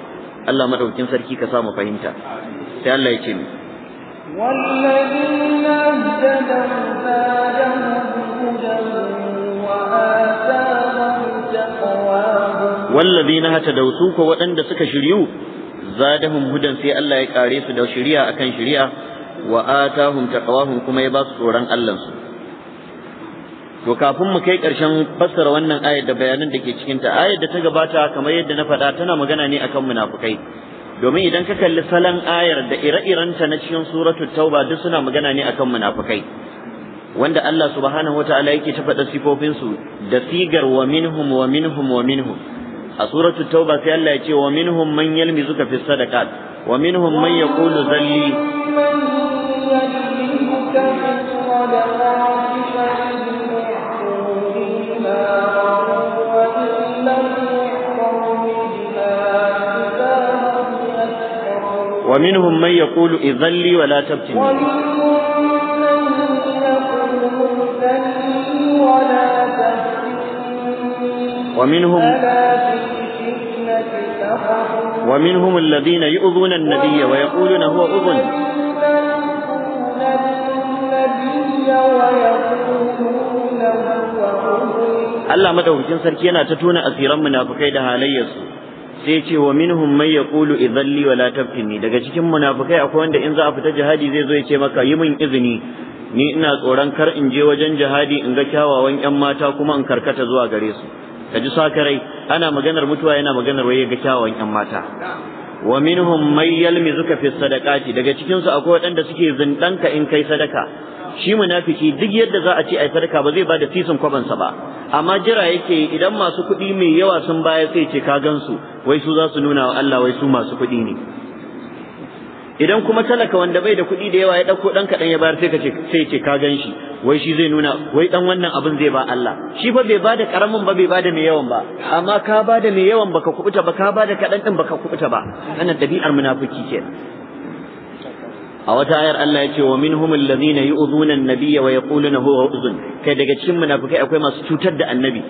Allah maɗaukin sarki ka samu fahimta sai Allah ya ce ni والذين اهتدوا زادهم هدى wallazina da su ko waɗanda suka shiryu zadahum hudan sai Allah ya kare su da shiriya akan shiriya wa atahum taqwahum kuma ya ba su tsoron Allah su to kafin mu kai ƙarshen fassara wannan ayar da bayanan da ke cikin ta ayar da ta gabata kamar yadda na faɗa tana magana ne akan munafukai domin idan ka kalli salon ayar da ire iren ta na cikin suratul tauba duk suna magana ne akan munafukai wanda Allah subhanahu wataala yake ta faɗa sifofinsu da sigar wa minhum wa minhum wa minhum a suratul tauba sai Allah ya ce wa minhum man yalmizuka fi sadaqat wa minhum man yaqulu zalli wa minhum man yaqulu لي wa la ومنهم ومنهم ومنهم الذين يؤذون النبي ويقولون هو أذن Allah madaukakin sarki yana ta tuna asiran munafukai da halayyarsu sai ce wa minhum man yaqulu idhalli wa la tabtini daga cikin munafukai akwai wanda in za a fita jihadi zai zo ya ce maka yi min izini ni ina tsoron kar in je wajen jihadi in ga kyawawan yan mata kuma in karkata zuwa gare su ka ji sakarai ana maganar mutuwa yana maganar waye ga kyawawan yan mata wa minhum may yalmizuka fi sadaqati daga cikin su akwai waɗanda suke zindanka in kai sadaka shi munafiki duk yadda za a ce ai sadaka ba zai bada sisin sa ba amma jira yake idan masu kuɗi mai yawa sun baya sai ce ka gansu wai su za su nuna wa Allah wai su masu kuɗi ne idan kuma talaka wanda bai da kuɗi da yawa ya ɗauko ɗan kaɗan ya bayar sai ka ce sai ce ka gan shi wai shi zai nuna wai ɗan wannan abin zai ba Allah shi fa bai bada karamin ba bai bada mai yawan ba amma ka bada mai yawan baka kubuta ba ka bada kaɗan ɗin baka kubuta ba wannan ɗabi'ar munafiki ke a wata ayar Allah ya ce wa minhum alladhina yu'dhuna an-nabiyya wa yaquluna huwa uzun kai daga cikin munafikai akwai masu cutar da annabi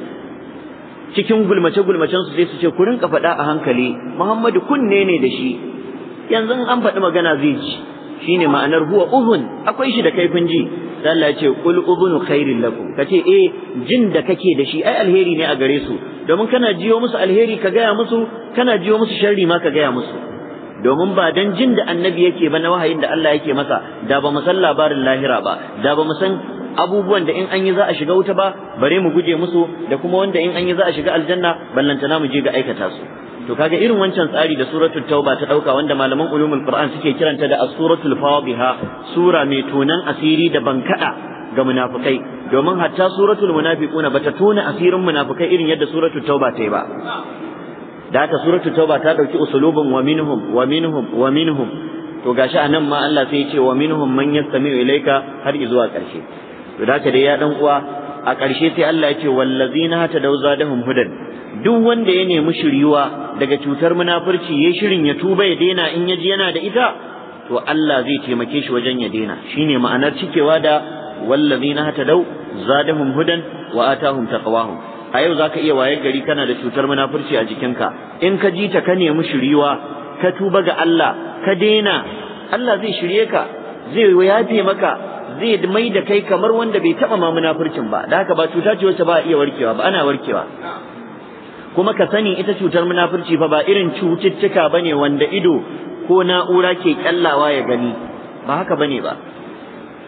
cikin gulmace gulmacen su sai su ce ku rinka faɗa a hankali Muhammadu kunne ne da shi yanzu an faɗi magana zai ji ne ma'anar huwa uzun akwai shi da kaifin ji sai Allah ya ce kul uzunu khairin lakum kace eh jin da kake da shi ai alheri ne a gare su domin kana jiyo musu alheri ka gaya musu kana jiyo musu sharri ma ka gaya musu domin ba dan jin da annabi yake ba na wahayin da Allah yake masa da ba mu san labarin lahira ba da ba mu san abubuwan da in an yi za a shiga wuta ba bare mu guje musu da kuma wanda in an yi za a shiga aljanna ballantana mu je ga aikata su to kaga irin wancan tsari da suratul tauba ta dauka wanda malaman ulumul qur'an suke kiranta da as-suratul fadiha sura mai tunan asiri da bankada ga munafikai domin hatta suratul munafiquna bata tona asirin munafikai irin yadda suratul tauba ta yi ba da ta suratul tauba ta dauki usulubun wa minhum wa minhum wa minhum to gashi anan ma Allah sai ya ce wa minhum man yastami laika har zuwa karshe to da dai ya dan uwa a ƙarshe sai Allah ya ce wallazina dau zadahum hudan duk wanda ya nemi shiryuwa daga cutar munafurci ya shirin ya tuba ya daina in yaji yana da ita to Allah zai taimake shi wajen ya daina shine ma'anar cikewa da wallazina dau zadahum hudan wa atahum taqwahum a yau zaka iya wayar gari kana da cutar munafurci a jikinka in ka ji ta ka nemi shiryuwa ka tuba ga Allah ka daina Allah zai shirye ka zai yafe maka zai mai da kai kamar wanda bai taba ma munafurcin ba da haka ba cuta ce wacce ba a iya warkewa ba ana warkewa kuma ka sani ita cutar munafurci fa ba irin cututtuka bane wanda ido ko na'ura ke kyallawa ya gani ba haka bane ba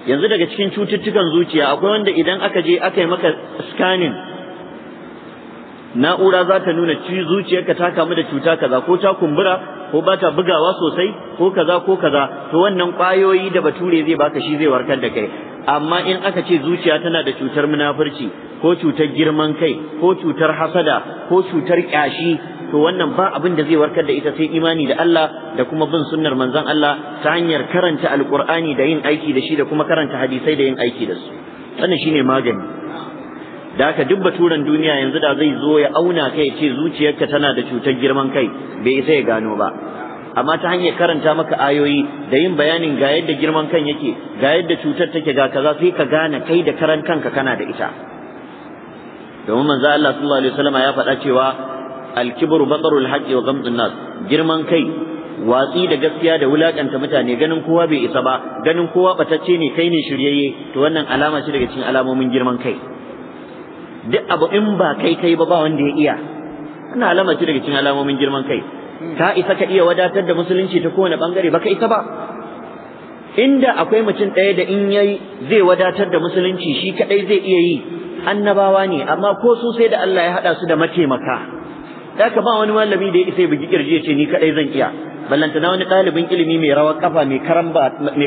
yanzu daga cikin cututtukan zuciya akwai wanda idan aka je aka yi maka scanning na'ura za ta nuna zuciyarka ta kamu da cuta kaza ko ta kumbura ko ba ta bugawa sosai ko kaza ko kaza to wannan kwayoyi da bature zai baka shi zai warkar da kai amma in aka ce zuciya tana da cutar munafurci ko cutar girman kai ko cutar hasada ko cutar ƙyashi to wannan ba abin da zai warkar da ita sai imani da Allah da kuma bin sunnar manzon Allah ta hanyar karanta alƙur'ani da yin aiki da shi da kuma karanta hadisai da yin aiki da su wannan shine magani da haka duk baturan duniya yanzu da zai zo ya auna kai ce zuciyarka tana da cutar girman kai bai isa ya gano ba amma ta hanyar karanta maka ayoyi da yin bayanin ga yadda girman kan yake ga yadda cutar take ga kaza sai ka gane kai da karan kanka kana da ita domin manzo Allah sallallahu alaihi wasallam ya faɗa cewa al-kibru batarul haqqi wa ghamdun nas girman kai watsi da gaskiya da wulakanta mutane ganin kowa bai isa ba ganin kowa batacce ne kai ne shiryayye to wannan alama ce daga cikin alamomin girman kai duk abu in ba kai kai ba ba wanda ya iya ina alama ce daga cikin alamomin girman kai ka isa ka iya wadatar da musulunci ta kowane bangare baka isa ba inda akwai mutum ɗaya da in yayi zai wadatar da musulunci shi kadai zai iya yi annabawa ne amma ko su sai da Allah ya hada su da mataimaka da ka ba wani malami da ya isa bugi kirji ce ni kadai zan iya ballantana wani ɗalibin ilimi mai rawar kafa mai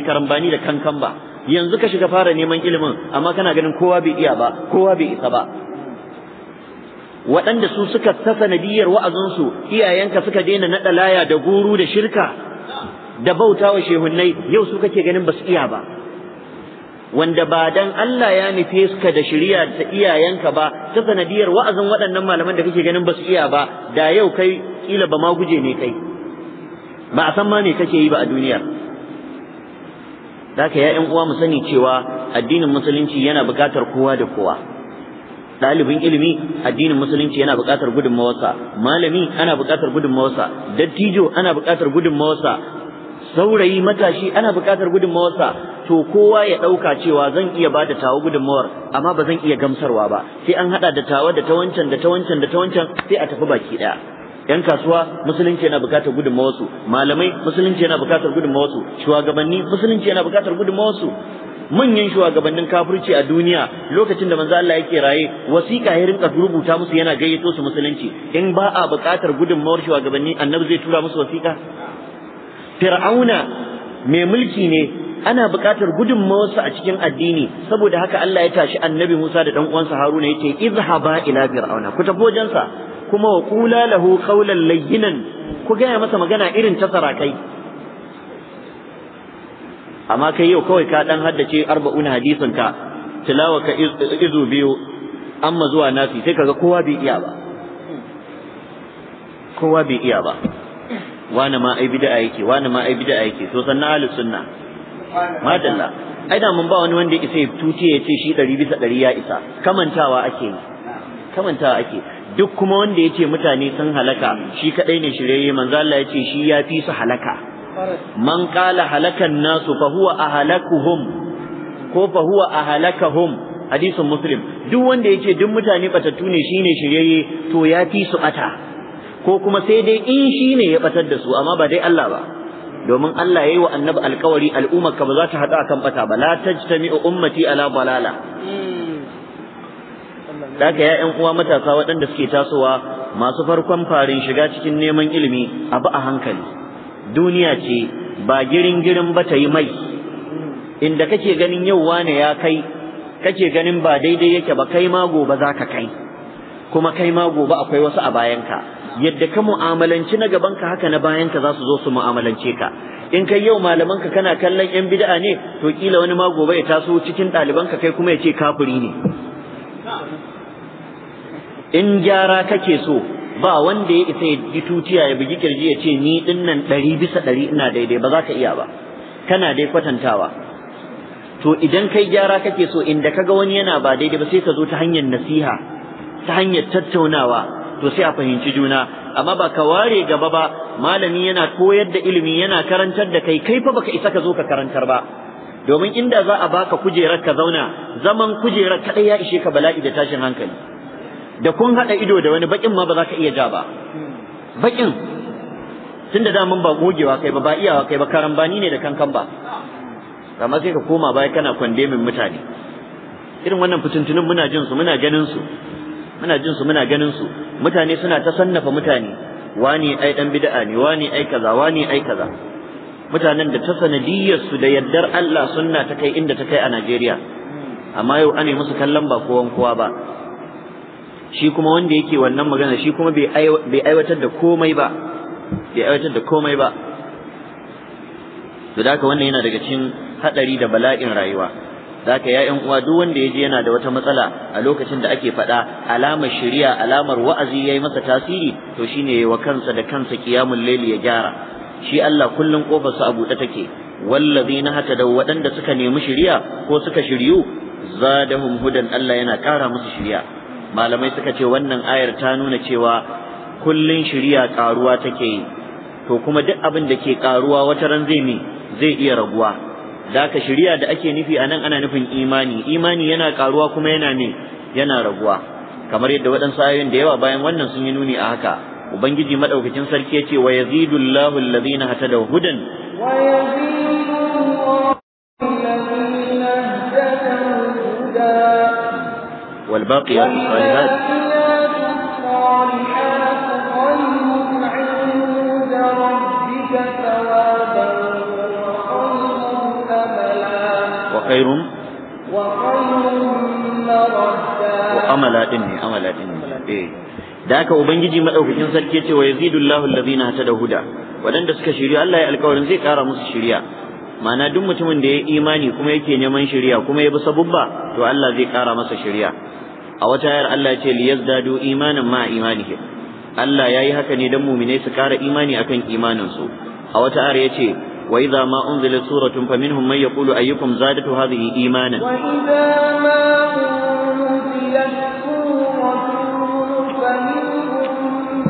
karambani da kankan ba yanzu ka shiga fara neman ilimin amma kana ganin kowa bai iya ba kowa bai isa ba waɗanda su suka ta sanadiyar wa'azinsu iyayenka suka daina naɗa laya da guru da shirka da bauta wa shehunnai yau su kake ganin basu iya ba wanda ba dan Allah ya nufe suka da shari'a ta iyayenka ba ta sanadiyar wa'azin waɗannan malaman da kake ganin basu iya ba da yau kai kila ba ma guje ne kai ba a san ma me kake yi ba a duniyar Daka ya ƴan uwa mu sani cewa addinin musulunci yana buƙatar kowa da kowa. Ɗalibin ilimi addinin musulunci yana buƙatar gudunmawarsa, malami ana buƙatar gudunmawarsa, dattijo ana buƙatar gudunmawarsa, saurayi matashi ana buƙatar gudunmawarsa, to kowa ya ɗauka cewa zan iya ba da tawa gudunmawar amma ba zan iya gamsarwa ba, sai an haɗa da tawa da ta da ta wancan da ta wancan sai a tafi baki ɗaya. yan kasuwa musulunci yana bukatar gudunmawarsu malamai musulunci yana bukatar gudunmawarsu shugabanni musulunci yana bukatar gudunmawarsu manyan shugabannin kafirci a duniya lokacin da manzo Allah yake raye wasiƙa ya rinka rubuta musu yana gayyato su musulunci in ba a bukatar gudunmawar shugabanni annabi zai tura musu wasiƙa fir'auna mai mulki ne ana bukatar gudunmawarsa a cikin addini saboda haka Allah ya tashi annabi Musa da dan uwansa Haruna yake izhaba ila fir'auna ku tafi wajensa kuma wa kula lahu qawlan layyinan ku gaya masa magana irin ta sarakai amma kai yau kawai ka dan haddace arba'una hadisin ka tilawa ka izu biyu amma zuwa nafi sai kaga kowa bai iya ba kowa bai iya ba wani ma ai bid'a yake wani ma ai bid'a yake to sannan ahlus sunna madalla ai da mun ba wani wanda ya isa ya tuce ya ce shi 100 bisa 100 ya isa kamantawa ake yi kamantawa ake duk kuma wanda ya ce mutane sun halaka shi kadai ne shirye manzo Allah ya ce shi ya fi su halaka man qala halakan nasu fa huwa ahlakuhum ko fa huwa ahlakahum hadisin muslim duk wanda ya ce duk mutane batattu ne shine shirye to ya fi su bata ko kuma sai dai in shi ne ya batar da su amma ba dai Allah ba domin Allah yayi wa annabi alkawari al'umma ka ba za ta hada kan bata ba la tajtami ummati ala balala hmm. daga ya'yan uwa matasa waɗanda suke tasowa masu farkon farin shiga cikin neman ilimi abu a hankali duniya ce ba girin girin ba ta yi mai inda kake ganin yau wane ya kai kake ganin ba daidai yake ba kai ma gobe za ka kai kuma kai ma gobe akwai wasu a bayanka yadda ka mu'amalanci na gabanka haka na bayanka za su zo su mu'amalance ka in kai yau malamanka kana kallon yan bid'a ne to kila wani ma gobe ya taso cikin ɗalibanka kai kuma ya ce kafiri ne in gyara kake so ba wanda ya isa ya ji tutiya ya bugi kirji ya ce ni din nan ɗari bisa ɗari ina daidai ba za ka iya ba kana dai kwatantawa to idan kai gyara kake so inda kaga wani yana ba daidai ba sai ka zo ta hanyar nasiha ta hanyar tattaunawa to sai a fahimci juna amma ba ka ware gaba ba malami yana koyar da ilimi yana karantar da kai kai fa baka isa ka zo ka karantar ba domin inda za a baka kujerar ka zauna zaman kujerar kadai ya ishe ka bala'i da tashin hankali da kun haɗa ido da wani baƙin ma ba za ka iya ja ba baƙin tunda daman ba gogewa kai ba ba iyawa kai ba karambani ne da kankan ba amma sai ka koma baya kana kwande min mutane irin wannan fitintunin muna jin su muna ganin su muna jin su muna ganin su mutane suna ta sannafa mutane wani ai dan bid'a ne wani ai kaza wani ai kaza mutanen da ta sanadiyar su da yardar Allah sunna ta kai inda ta kai a Najeriya amma yau an ane musu kallon ba kowan kowa ba shi kuma wanda yake wannan magana shi kuma bai aiwatar da komai ba bai aiwatar da komai ba da haka wannan yana daga cikin hadari da bala'in rayuwa da haka ya uwa duk wanda ya je yana da wata matsala a lokacin da ake faɗa alamar shari'a alamar wa'azi yayi masa tasiri to shine wa kansa da kansa qiyamul layli ya gyara shi Allah kullun kofarsa a buɗe take wallazina da waɗanda suka nemi shari'a ko suka shiryu zadahum hudan Allah yana ƙara musu shari'a malamai suka ce wannan ayar ta nuna cewa kullun shiriya karuwa take yi to kuma duk abin da ke karuwa wata ran zai ne zai iya raguwa daka ka da ake nufi anan ana nufin imani imani yana karuwa kuma yana ne yana raguwa kamar yadda waɗansu ayoyin da yawa bayan wannan sun yi nuni a haka ubangiji madaukakin sarki ya ce wa yazidullahu alladhina hatadaw hudan wa والباقي الصالحات وخير وأملا إني أملا إني ذاك إيه. وبنجي ما أوفي إن ويزيد الله الذين اهتدوا هدى ولن تسك شريعة الله يألقوا لنزيك أرى مصر شريعة ما نادم متمن دي إيماني كما يكي نمان شريعة كما يبصبوا با تو الله ذي قارى مصر شريعة a wata ayar Allah ya ce liyazdadu imanan ma imanihim Allah yayi haka ne dan mu'minai su kara imani akan imanin su a wata ayar ya ce wa idza ma unzila suratun minhum man yaqulu ayyukum zadatu hadhihi imanan wa idza ma unzila suratun minhum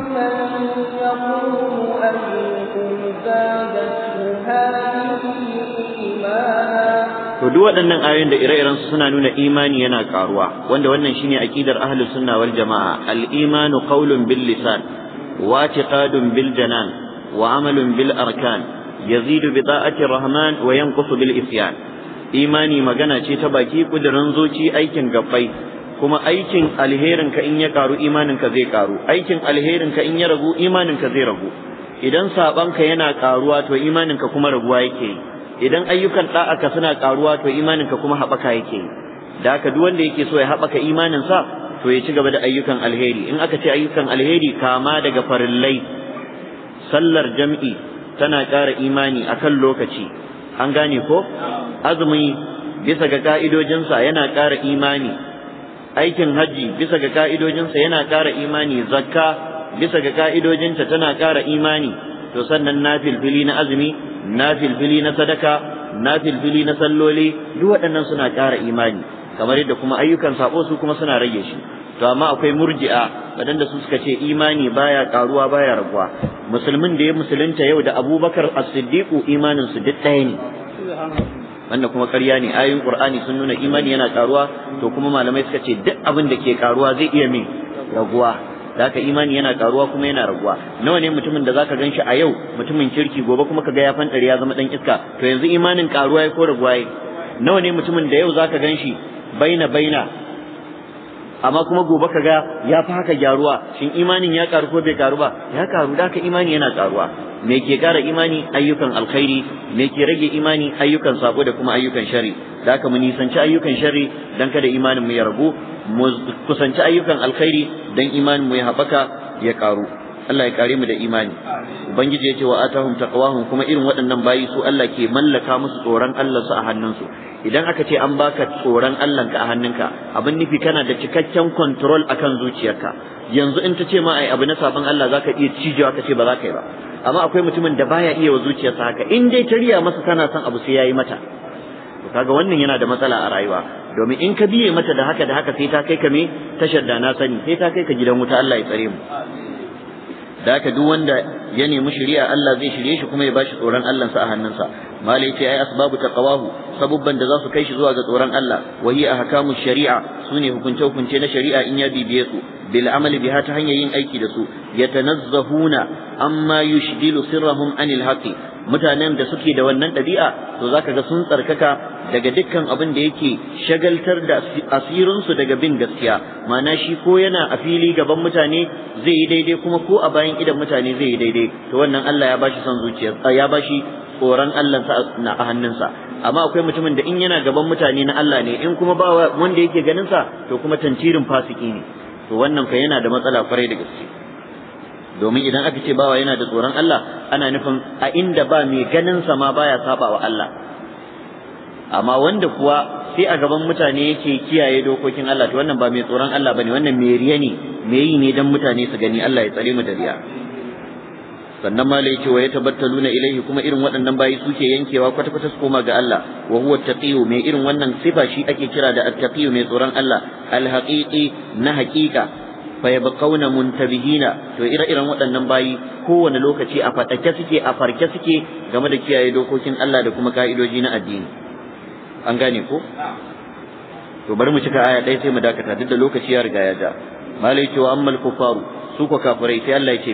man yaqulu to duk waɗannan ayoyin da ire-iren su suna nuna imani yana karuwa wanda wannan shine aqidar ahlus sunna wal jamaa al imanu qawlun bil lisan wa i'tiqadun bil janan wa amalun bil arkan yazidu bi ta'ati rahman wa yanqusu bil isyan imani magana ce ta baki kudirin zuci aikin gabbai kuma aikin alherin ka in ya karu imanin ka zai karu aikin alherin ka in ya ragu imanin ka zai ragu idan saɓanka ka yana karuwa to imanin ka kuma raguwa yake yi idan ayyukan da'aka suna karuwa to imaninka kuma haɓaka yake yi da haka duk wanda yake so ya haɓaka imaninsa to ya ci gaba da ayyukan alheri in aka ce ayyukan alheri kama daga farillai sallar jam'i tana ƙara imani akan lokaci an gane ko azumi bisa ga ka'idojinsa yana ƙara imani aikin hajji bisa ga ka'idojinsa yana ƙara imani zakka bisa ga ka'idojinta tana ƙara imani to sannan na fili-fili na azumi nafil fili na sadaka nafil fili na salloli duk waɗannan suna ƙara imani kamar yadda kuma ayyukan sako su kuma suna rage shi to amma akwai murji'a waɗanda su suka ce imani baya ƙaruwa baya raguwa musulmin da ya musulunta yau da abubakar as-siddiqu imanin su duk ɗaya ne wannan kuma ƙarya ne ayoyin qur'ani sun nuna imani yana ƙaruwa to kuma malamai suka ce duk abin da ke ƙaruwa zai iya min raguwa Zaka imani yana karuwa kuma yana raguwa nawa ne mutumin da zaka ganshi a yau mutumin kirki gobe kuma kaga ya fantare ya zama dan iska to yanzu imanin karuwa ya ko raguwa nawa ne mutumin da yau zaka ganshi baina baina amma kuma gobe ka ga ya fi haka gyaruwa shin imanin ya karu ko bai karu ba ya karu da haka imani yana karuwa me ke kara imani ayyukan alkhairi me ke rage imani ayyukan sako da kuma ayyukan shari da haka mu nisanci ayyukan shari dan kada imanin mu ya ragu mu kusanci ayyukan alkhairi dan imanin mu ya haɓaka ya karu Allah ya kare mu da imani ubangiji yace wa atahum taqwahum kuma irin waɗannan bayi su Allah ke mallaka musu tsoron Allah su a hannunsu idan aka ce an baka tsoron Allah ka a hannunka abin nufi kana da cikakken control akan zuciyarka yanzu in ta ce ma ai abu na sabon Allah zaka iya cijewa ka ce ba za ka yi ba amma akwai mutumin da baya iya wa zuciyarsa haka in dai ta riya masa kana son abu sai yayi mata to kaga wannan yana da matsala a rayuwa domin in ka biye mata da haka da haka sai ta kai ka me tashar da na sani sai ta kai ka gidan wuta Allah ya tsare mu da haka duk wanda ya nemi shari'a Allah zai shirye shi kuma ya bashi tsoron Allah sa a hannunsa malai ce ai asbabu taqwahu sabubban da za su kai shi zuwa ga tsoron Allah wahi a ahkamu shari'a sune hukunce hukunce na shari'a in ya bibiye su bil amali biha ta hanyar yin aiki da su yatanazzahuna amma yushdilu sirrahum anil haqi mutanen da suke da wannan ɗabi'a to zaka ga sun tsarkaka daga dukkan abin da yake shagaltar da asirinsu daga bin gaskiya mana shi ko yana a fili gaban mutane zai yi daidai kuma ko a bayan idan mutane zai yi daidai to wannan Allah ya bashi son zuciya ya bashi tsoron Allah na a hannunsa amma akwai mutumin da in yana gaban mutane na Allah ne in kuma ba wanda yake ganin sa to kuma tantirin fasiki ne to wannan fa yana da matsala kwarai da gaske domin idan aka ce bawa yana da tsoron Allah ana nufin a inda ba mai ganin sa ma baya saba wa Allah amma wanda kuwa sai a gaban mutane yake kiyaye dokokin Allah to wannan ba mai tsoron Allah bane wannan mai riya ne mai yi ne dan mutane su gani Allah ya tsare mu da riya sannan ma lai cewa ya nuna ilaihi kuma irin waɗannan bayi suke yankewa kwata kwata su koma ga Allah wa huwa taqiyu mai irin wannan sifa shi ake kira da at-taqiyu mai tsoron Allah al-haqiqi na haqiqa fa yabqauna muntabihina to ire-iren waɗannan bayi kowane lokaci a fadake suke a farke suke game da kiyaye dokokin Allah da kuma ka'idoji na addini an gane ko to bari mu cika aya ɗaya sai mu dakata duk da lokaci ya riga ya ja malai cewa ammal kufaru su ko kafirai sai Allah ya ce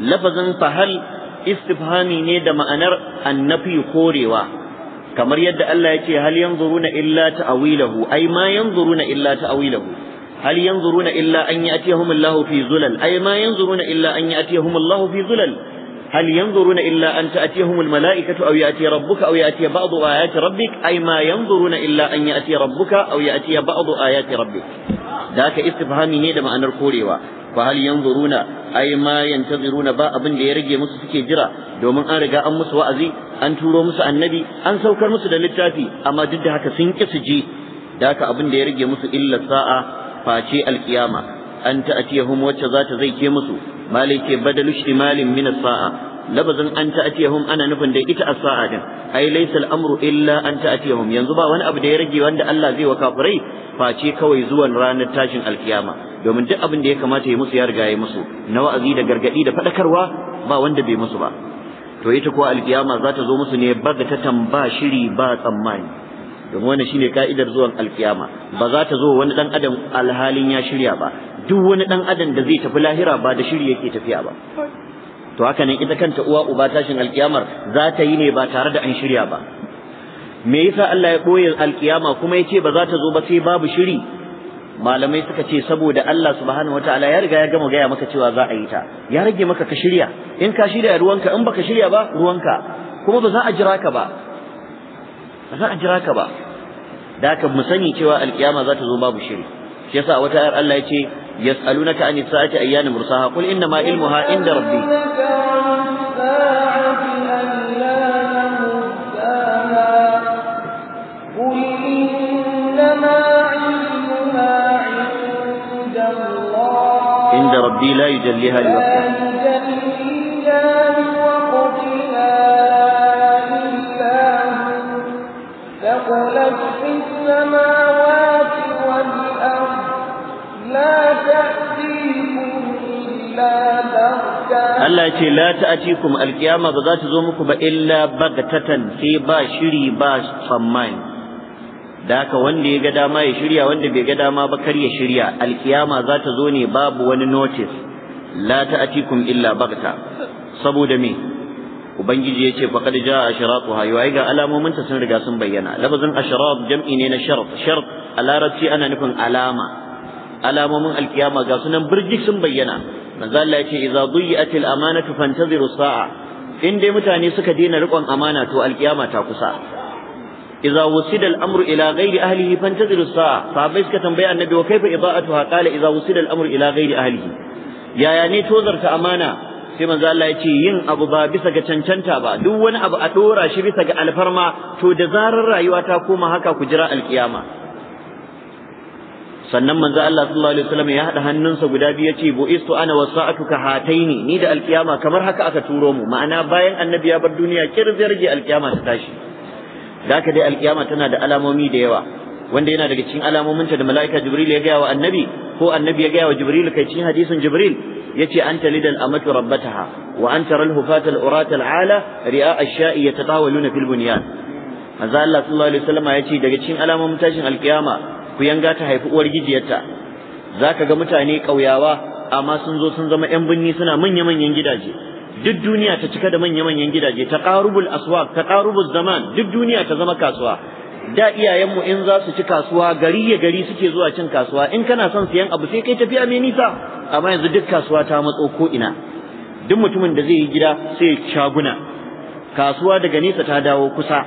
lafazin fahal istifhami ne da ma'anar annafi korewa kamar yadda Allah ya ce hal yanzuruna illa ta'awilahu ai ma yanzuruna illa ta'awilahu hal yanzuruna illa an ya'tiyahum Allah fi zulal ai ma yanzuruna illa an ya'tiyahum Allah fi zulal هل ينظرون إلا أن تأتيهم الملائكة أو يأتي ربك أو يأتي بعض آيات ربك أي ما ينظرون إلا أن يأتي ربك أو يأتي بعض آيات ربك ذاك استفهامي ما معنى الكوريوا فهل ينظرون أي ما ينتظرون باء أبن ليرجي مسكي جرا دوما an riga an musu wa'azi an turo musu annabi an saukar أما جدها littafi amma ذاك ابن haka sun إلا su ji da an ta'atiyahum wacce za ta zai ke musu malai ce badalu shtimalin min saa labazin an ta'atiyahum ana nufin da ita as-sa'a din ai laysa al-amru illa an ta'atiyahum yanzu ba wani abu da ya rage wanda Allah zai wa kafirai face kawai zuwan ranar tashin alkiyama domin duk abin da ya kamata ya musu ya riga ya musu na wa'azi da gargadi da fadakarwa ba wanda bai musu ba to ita ko alkiyama za ta zo musu ne ba ta tamba shiri ba tsammani domin wannan shine ka'idar zuwan alkiyama ba za ta zo wani dan adam alhalin ya shirya ba duk wani dan adam da zai tafi lahira ba da shiri yake tafiya ba to haka nan ita kanta uwa uba tashin alkiyamar za ta yi ne ba tare da an shirya ba me yasa Allah ya boye alkiyama kuma yace ba za ta zo ba sai babu shiri malamai suka ce saboda Allah subhanahu wataala ya riga ya gama gaya maka cewa za a yi ta ya rage maka ka shirya in ka shirya ruwanka in baka shirya ba ruwanka kuma ba za a jira ka ba ba za a jira ka ba da ka mu sani cewa alkiyama za ta zo babu shiri shi yasa wata ayar Allah ya ce yas'alunaka an sa'ati ayyana mursaha qul inna ma ilmuha inda rabbi عند ربي لا يجليها لوقتها ولك في السماوات والأرض لا تأتيكم إلا بغتة الله يقول لا تأتيكم القيامة بذات زومكم إلا بغتة في باشري باش فمين da haka wanda ya ga dama ya shirya wanda bai ga dama ba kar ya shirya alkiyama za ta zo ne babu wani notice la ta'atikum illa bagta saboda me ubangiji yace faqad jaa ashratuha yayi ga alamomin ta sun riga sun bayyana lafazin ashrat jam'i ne na shart shart a larabci ana nufin alama alamomin alkiyama ga sunan birji sun bayyana manzo Allah yace idza dhiyat al-amanatu fantaziru sa'a in dai mutane suka daina riƙon amana to alkiyama ta kusa idza wusida al-amru ila ghairi ahlihi fantaziru sa'a sahabbai suka tambaye annabi wa kaifa idaa'atuha qala idza wusida al-amru ila ghairi ahlihi yaya ne tozarta amana sai manzo Allah ya ce yin abu ba bisa ga cancanta ba duk wani abu a dora shi bisa ga alfarma to da zarar rayuwa ta koma haka ku jira alkiyama sannan manzo Allah sallallahu alaihi wasallam ya hada hannunsa guda biyu yace bu'istu ana wasa'atu ka hataini ni da alkiyama kamar haka aka turo mu ma'ana bayan annabi ya bar duniya kirzar rage alkiyama ta tashi da dai alkiyama tana da alamomi da yawa wanda yana daga cikin alamominta da mala'ika jibril ya gaya wa annabi ko annabi ya gaya wa jibril kai cikin hadisin jibril yace anta lidal amatu rabbataha wa anta ral hufatal uratal ala ri'a a shai ya yatatawaluna fil bunyan manzo Allah sallallahu alaihi ya ce daga cikin alamomin tashin alkiyama ku yanga ta haifi uwar gijiyarta zaka ga mutane ƙauyawa amma sun zo sun zama yan binni suna manya manyan gidaje duk duniya ta cika da manya manyan gidaje taqarubul aswaq taqarubuz zaman duk duniya ta zama kasuwa da iyayenmu in za su ci kasuwa gari ya gari suke zuwa cin kasuwa in kana son siyan abu sai kai tafiya mai nisa amma yanzu duk kasuwa ta matso ko ina duk mutumin da zai yi gida sai shaguna kasuwa daga nesa ta dawo kusa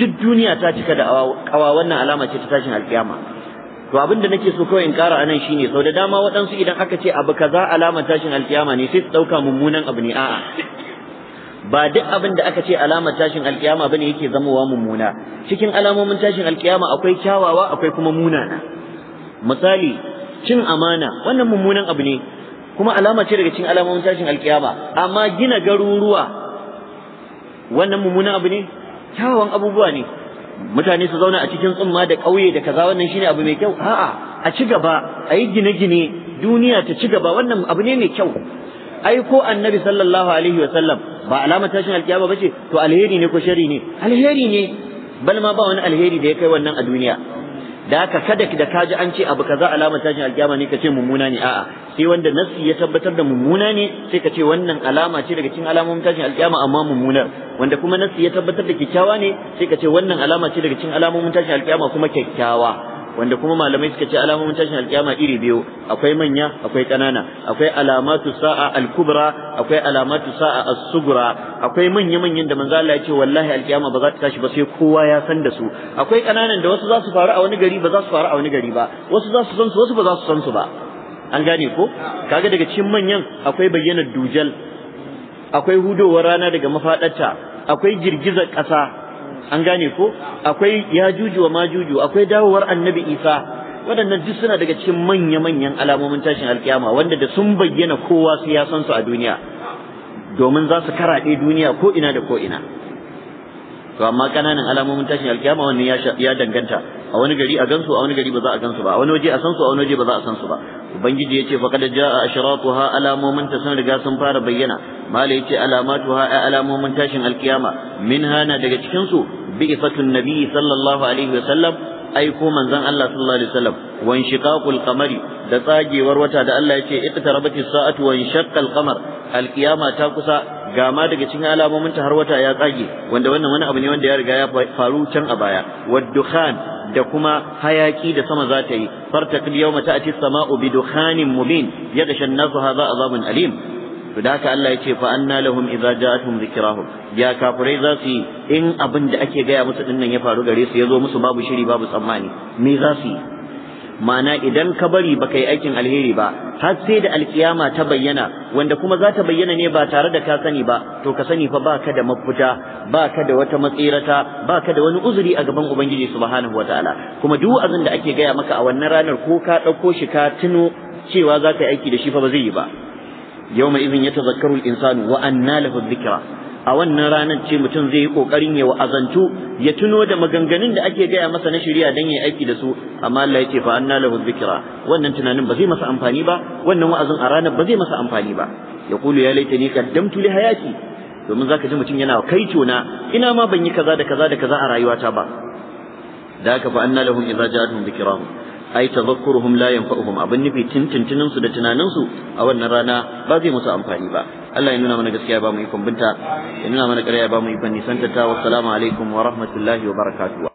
duk duniya ta cika da awa wannan alama ce ta tashin alkiyama to abin da nake so kawai in kara anan shine sau da dama waɗansu idan aka ce abu kaza alama tashin alkiyama ne sai su ɗauka mummunan abu ne a'a ba duk abin da aka ce alamar tashin alkiyama bane yake zamowa mummuna cikin alamomin tashin alkiyama akwai kyawawa akwai kuma munana misali cin amana wannan mummunan abu ne kuma alama ce daga cikin alamomin tashin alkiyama amma gina garuruwa wannan mummunan abu ne kyawawan abubuwa ne mutane su zauna a cikin tsumma da ƙauye da kaza wannan shine abu mai kyau a'a a ci gaba a yi gine-gine duniya ta ci gaba wannan abu ne mai kyau Aiko annabi sallallahu alaihi wa sallam ba alamar tashin alkiyama ce to alheri ne ko shari ne alheri ne bal ma ba wani alheri da ya kai wannan a duniya da haka kada da ji an ce abu kaza alamar tashin alkiyama ne kace mummuna ne a'a sai wanda nassi ya tabbatar da mummuna ne sai ka ce wannan alama ce daga cikin alamomin tashin alkiyama amma mummunar wanda kuma nassi ya tabbatar da kyakkyawa ne sai ka ce wannan alama ce daga cikin alamomin tashin alkiyama kuma kyakkyawa wanda kuma malamai suka ce alamomin tashin alkiyama iri biyu akwai manya akwai ƙanana akwai alamatu sa'a alkubra akwai alamatu sa'a as-sugra akwai manya manyan da manzo Allah ya ce wallahi alkiyama ba za ta tashi ba sai kowa ya san da su akwai ƙananan da wasu za su faru a wani gari ba za su faru a wani gari ba wasu za su san su wasu ba za su san su ba an gane ko kaga daga cikin manyan akwai bayyanar dujal akwai hudowar rana daga mafaɗarta akwai girgizar ƙasa an gane ko akwai ya juju wa majuju akwai dawowar annabi isa waɗannan duk suna daga cikin manya-manyan alamomin tashin alkiyama wanda da sun bayyana kowa su ya san su a duniya domin za su karaɗe duniya ko ina da ko ina to amma ƙananan alamomin tashin alkiyama wannan ya danganta a wani gari a gansu a wani gari ba za a gansu ba a wani waje a san su a wani waje ba za a san su ba ubangiji yace faqad jaa ashratuha alamomin ta san riga sun fara bayyana mala yace alamatuha a alamomin tashin alkiyama minha na daga cikin su bi'ifatun nabi sallallahu alaihi wasallam ko manzon Allah sallallahu alaihi wasallam wa inshiqaqul qamari da tsagewar wata da Allah yace iqtarabatis sa'atu wa inshaqqal qamar alkiyama ta kusa ga ma daga cikin alamomin ta har wata ya tsage wanda wannan wani abu ne wanda ya riga ya faru can a baya waddukhan da kuma hayaki da sama za ta yi fartaqil yawma ta'ti as-sama'u bidukhanin mubin yaghsha an-nasu hadha azabun alim to da haka Allah ya ce fa anna lahum idza ja'atuhum dhikrahum ya kafirai za su in abin da ake gaya musu dinnan ya faru gare su ya zo musu babu shiri babu tsammani me za su yi ma'ana idan ka bari baka yi aikin alheri ba har sai da alkiyama ta bayyana wanda kuma za ta bayyana ne ba tare da ka sani ba to ka sani fa baka da mafuta baka da wata matsirata baka da wani uzuri a gaban ubangiji subhanahu wataala kuma duk azin da ake gaya maka a wannan ranar ko ka ɗauko shi ka tuno cewa za ka yi aiki da shi fa ba zai yi ba yawma idhin yatazakkaru al-insanu wa anna lahu dhikra a wannan ranar ce mutum zai yi kokarin ya wa'azantu ya tuno da maganganun da ake gaya masa na shari'a dan ya aiki da su amma Allah yake fa anna lahu dhikra wannan tunanin ba zai masa amfani ba wannan wa'azin a ranar ba zai masa amfani ba kulu ya laitani kaddamtu li hayati domin zaka ji mutum yana kai tona ina ma ban yi kaza da kaza da kaza a rayuwata ba da haka fa anna lahum idza ja'atuhum dhikrahum ai tadhakkuruhum la yanfa'uhum abin nufi tintintinin su da tunanin su a wannan rana ba zai musu amfani ba Allah ya nuna mana gaskiya ba mu ikon binta ya nuna mana ƙarya ba mu yi nisan ta wassalamu alaikum wa rahmatullahi wa barakatuh